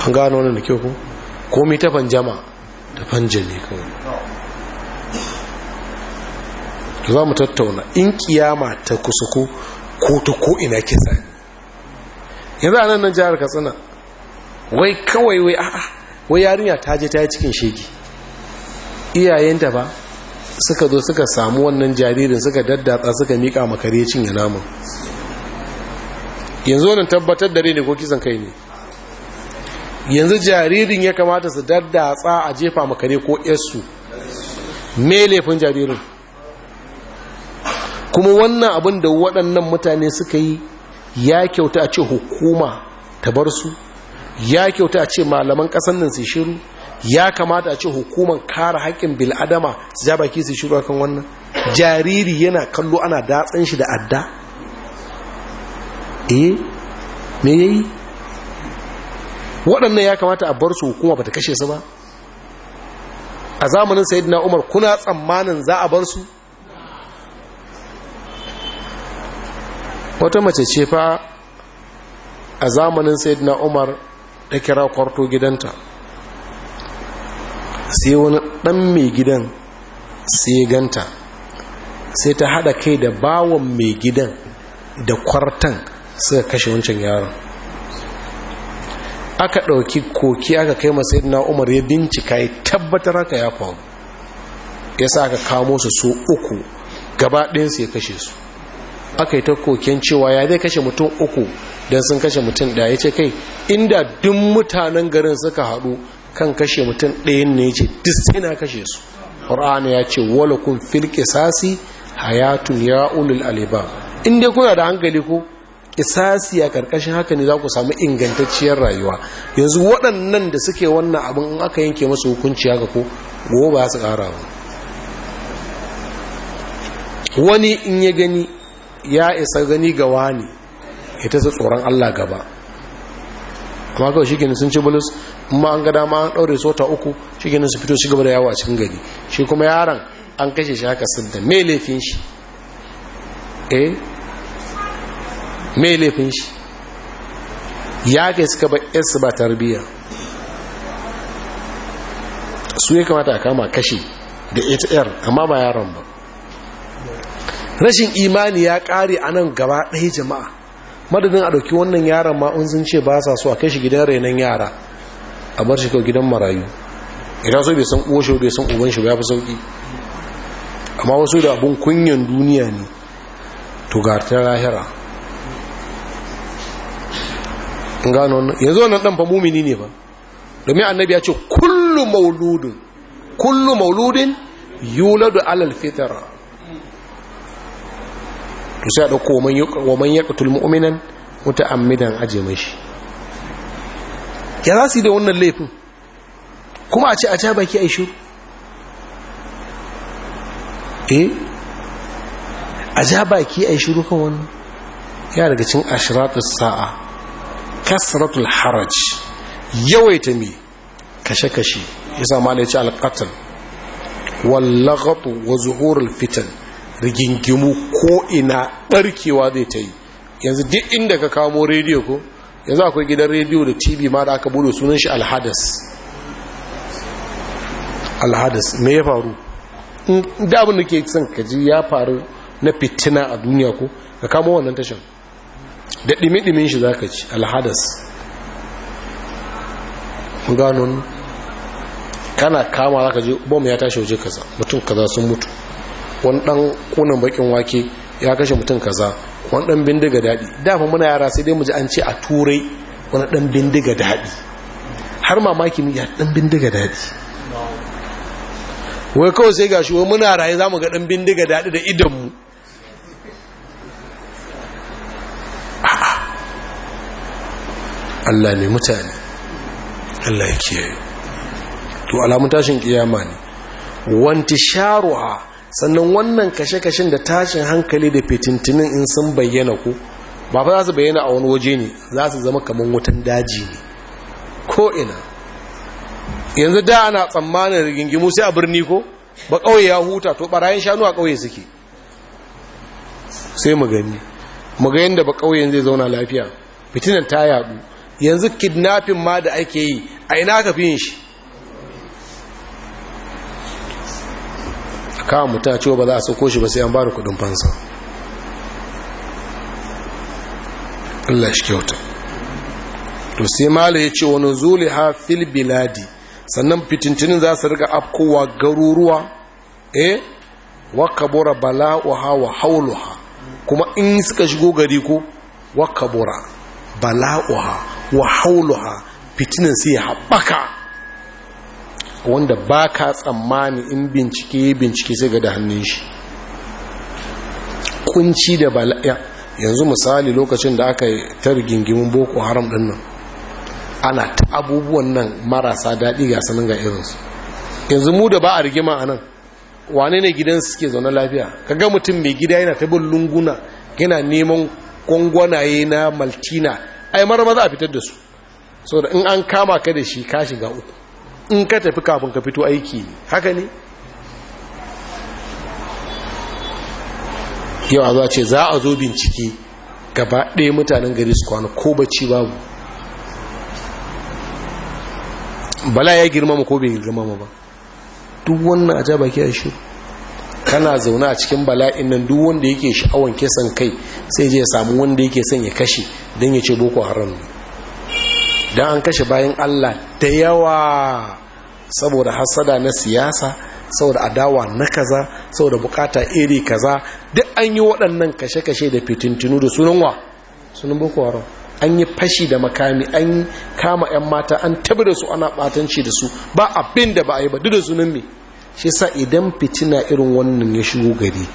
an gano wannan da kyau ko mi ta fanjama da fanjali kawai za mu tattauna in kiyama ta kusa ko ta ko ina kisa yanzu a nan nan jihar katsina wai kawai wai a'a wai yarinya ta je ta yi cikin shege iyayenta ba suka zo suka samu wannan jaririn suka daddatsa suka miƙa makare cinye namun yanzu wani tabbatar da ne ko kisan kai ne yanzu jaririn ya kamata su daddatsa a jefa makare ko yarsu me laifin jaririn kuma wannan abin da waɗannan mutane suka yi ya kyauta a ce hukuma ta bar su ya kyauta a ce malaman ƙasar nan su shiru ya kamata a ce hukuman kare haƙƙin bil'adama su ja baki su shiru akan wannan jariri yana kallo ana datsan shi da adda eh me yayi waɗannan ya kamata a bar su hukuma bata kashe su ba a zamanin sayyidina umar kuna tsammanin za a bar su wata mace ce fa a zamanin saidina umar da kira kwarto gidanta sai wani dan mai gidan sai ganta sai ta hada kai da bawon mai gidan da kwartan suka kashe wancan yaron aka ɗauki koki aka kai ma na umar ya bincika ya tabbatar haka ya faru ya sa aka kamo su su uku gaba ɗinsu ya kashe su aka yi ta koken cewa ya zai kashe mutum uku don sun kashe mutum ɗaya ce kai inda duk mutanen garin suka haɗu kan kashe mutum ɗayan ne ce duk sai kashe su ƙar'ani ya ce wala kun filke sasi hayatun ya ulul aliba in dai kuna da hankali ko kisasi a karkashin haka ne za ku samu ingantacciyar rayuwa yanzu waɗannan da suke wannan abin in aka yanke masu hukunci haka ko gobe ba su ƙara wani in ya gani ya isa gani ga wani ita su tsoron Allah gaba kuma kawai shi gini sun ci bulus ma an ga dama an ɗaure sota uku shi gini su fito shi gaba da yawa cikin gari shi kuma yaron an kashe shi haka sidda mai laifin shi eh mai laifin shi ya kai suka ba yasu ba tarbiyya su ya kamata a kama kashe da ita yar amma ba yaron ba rashin imani ya ƙare a nan gaba ɗaya jama'a madadin a ɗauki wannan yaran ma in sun ce ba sa so a kai shi gidan renon yara a bar shi kawai gidan marayu idan so bai san ƙoshe shi bai san uban shi ba ya fi sauƙi amma wasu da abin kunyan duniya ne to ga ta lahira gano wannan yanzu wannan ɗan fa ne ba domin annabi ya ce kullu mauludin kullu mauludin yuladu alal fitara to sai a ɗauko wa man ya ƙutul mu'minan muta'ammidan aje mashi ya za su yi da wannan laifin kuma a ce a ca baki a eh a ja baki a yi kan wannan ya daga cin ashiratus sa'a kasratul haraj yawaita mi kashe-kashe ya sa ma da ya ce alƙatar wa zuhurul fitan rigingimu ko ina ɗarkewa zai ta yi yanzu duk inda ka kamo rediyo ko yanzu akwai gidan rediyo da tv ma da aka bude sunan shi alhadas alhadas me ya faru da abin da ke son kaji ya faru na fitina a duniya ko ka kamo wannan tashan da ɗimi-ɗimin shi za ka ci alhadas ganon kana kama za ka ji bom ya tashi waje kaza mutum kaza sun mutu wani dan kunan bakin wake ya kashe mutum kaza wani dan bindiga daɗi dafa muna yara sai dai mu ji an ce a turai wani dan bindiga daɗi har mamaki mu ya dan bindiga daɗi wai kawai sai gashi wai muna raye za mu ga dan bindiga daɗi da idanmu Allah ne mutane Allah ya kiyaye to alamun tashin kiyama ne wanti sharuha sannan wannan kashe-kashen da tashin hankali da fitintinin in sun bayyana ku ba fa za su bayyana a wani waje ne za su zama kamar wutan daji ne ko ina yanzu da ana tsammanin rigingimu sai a birni ko ba kawai ya huta to barayin shanu a ƙauye suke sai mu gani mu ga yadda ba kawai zai zauna lafiya fitinan ta yadu. yanzu kidnapping ma da ake yi a ina ka fi yin shi kawo mutum cewa ba za a sauko shi ba sai an ba da kudin fansa Allah shi kyauta to sai mala ya ce wani zuli ha fil biladi sannan fitintinin za su riga afkowa garuruwa eh wa kabura bala'uha wa hauluha kuma in suka shigo gari ko wa kabura bala'uha wa hauluha fitinin sai ya haɓaka wanda ba ka tsammani in bincike bincike sai ga da hannun shi kunci da bala'a yanzu misali lokacin da aka ta rigingimin boko haram din nan ana ta abubuwan nan marasa daɗi ga sanin ga irinsu yanzu mu da ba a rigima a nan wane ne gidan suke zaune lafiya kaga mutum mai gida yana ta bin lunguna yana neman gwangwanaye na maltina ai mara maza a fitar da su saboda in an kama ka da shi ka shiga uku in ka tafi kafin ka fito aiki haka ne yau a zuwa ce za a zo bincike gaba ɗaya mutanen gari su kwana ko bacci babu bala ya girmama ko bai girmama ba duk wannan a jaba ke shi kana zaune a cikin bala'in nan duk wanda yake sha'awan kisan kai sai je ya samu wanda yake son ya kashe don ya ce boko haram don an kashe bayan allah da yawa saboda hasada na siyasa saboda adawa na kaza saboda bukata iri kaza duk an yi waɗannan kashe-kashe da fitintinu da sunan wa sunan boko haram an yi fashi da makami an kama 'yan mata an tabi da su ana batanci da su ba abin da ba a yi ba duk da sunan me shi sa idan fitina irin wannan ya shigo gari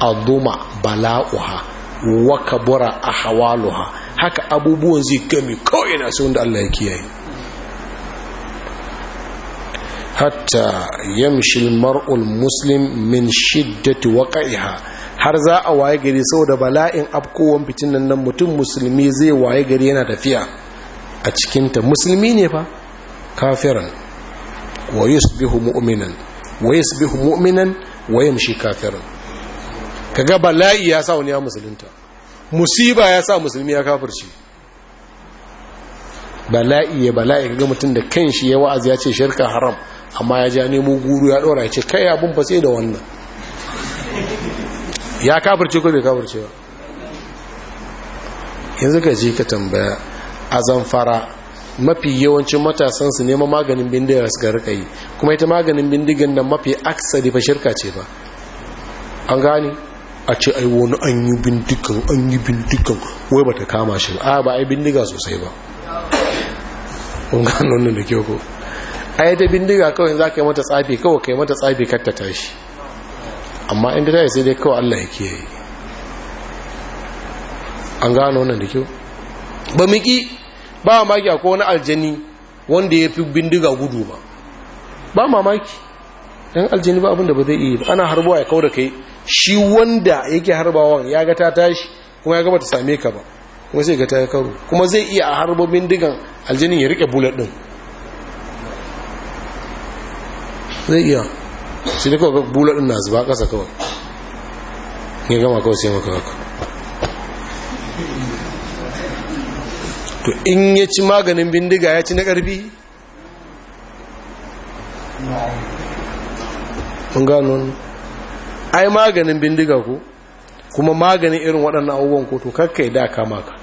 a zuma bala'uha wa kabura hawaluha haka abubuwan zai gami kawai na sai wanda Allah ya kiyaye hatta yamshi mar'ul muslim min shiddati waqi'iha har za a waye gari saboda bala'in afkowan fitinan nan mutum musulmi zai waye gari yana tafiya a cikinta musulmi ne fa kafiran wa yusbihu mu'minan wa yusbihu mu'minan wa yamshi kafiran kaga bala'i ya sa wani ya musulunta musiba ya sa musulmi ya kafirci bala'i ya bala'i kaga mutum da kanshi ya wa'azi ya ce shirka haram amma ya ja nemo guru ya ɗora ya ce kai abun fa sai da wannan ya kafirce ko bai kafirce ba yanzu ka je ka tambaya a zamfara mafi yawancin matasan su nema maganin bindiga su rika yi kuma ita maganin bindigan nan mafi aksari fa shirka ce ba an gane a ce ai wani an yi bindigan an yi bindigan wai bata kama shi a ba ai bindiga sosai ba kun gano ne da kyau ko a yadda bindiga kawai za ka yi mata tsafi kawai ka yi mata tsafi kar ta tashi amma inda ta yi sai dai kawai allah ya kiyaye an gano wannan da kyau ba miki ba mamaki akwai wani aljani wanda ya fi bindiga gudu ba ba mamaki ɗan aljani ba abinda ba zai iya ba ana harbawa ya kauda kai shi wanda yake harbawan ya ga ta tashi kuma ya gaba ta same ka ba kuma zai ga ta karo kuma zai iya a harbo bindigan Aljanin ya rike bullet ɗin zai iya shi ne kawai bula ɗin na zuba ƙasa kawai ya gama kawai sai maka haka to in ya ci maganin bindiga ya ci na ƙarfi mun gano ai maganin bindiga ku kuma maganin irin waɗannan abubuwan ko to yi da kama ka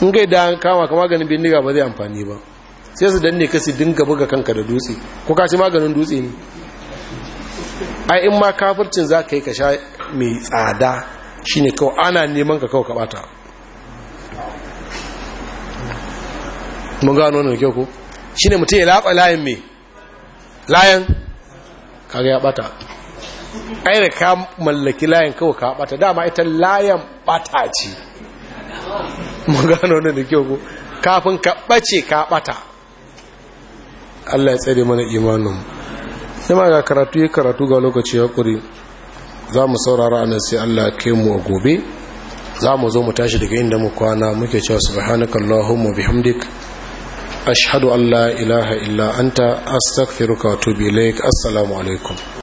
in kai da kama ka maganin bindiga ba zai amfani ba sai su danne ka su dinga buga kanka da dutse ko ka ci maganin dutse ne ai in ma kafircin za ka yi ka sha mai tsada ne kawai ana neman ka kawai ka bata mun gano ne kyau ko ne mutum ya laɓa layin mai layan kaga ya bata ai da ka mallaki layin kawai ka bata dama ita layan bata ce mun gano ne da kyau ko kafin ka ɓace ka bata Allah ya tsare mana imanin sai ma ga karatu ya karatu ga lokaci ya kuri za mu saurara anan sai Allah ke mu a gobe za mu zo mu tashi daga inda mu kwana muke cewa subhanaka allahumma bihamdik ashhadu an la ilaha illa anta astaghfiruka wa atubu ilaik assalamu alaikum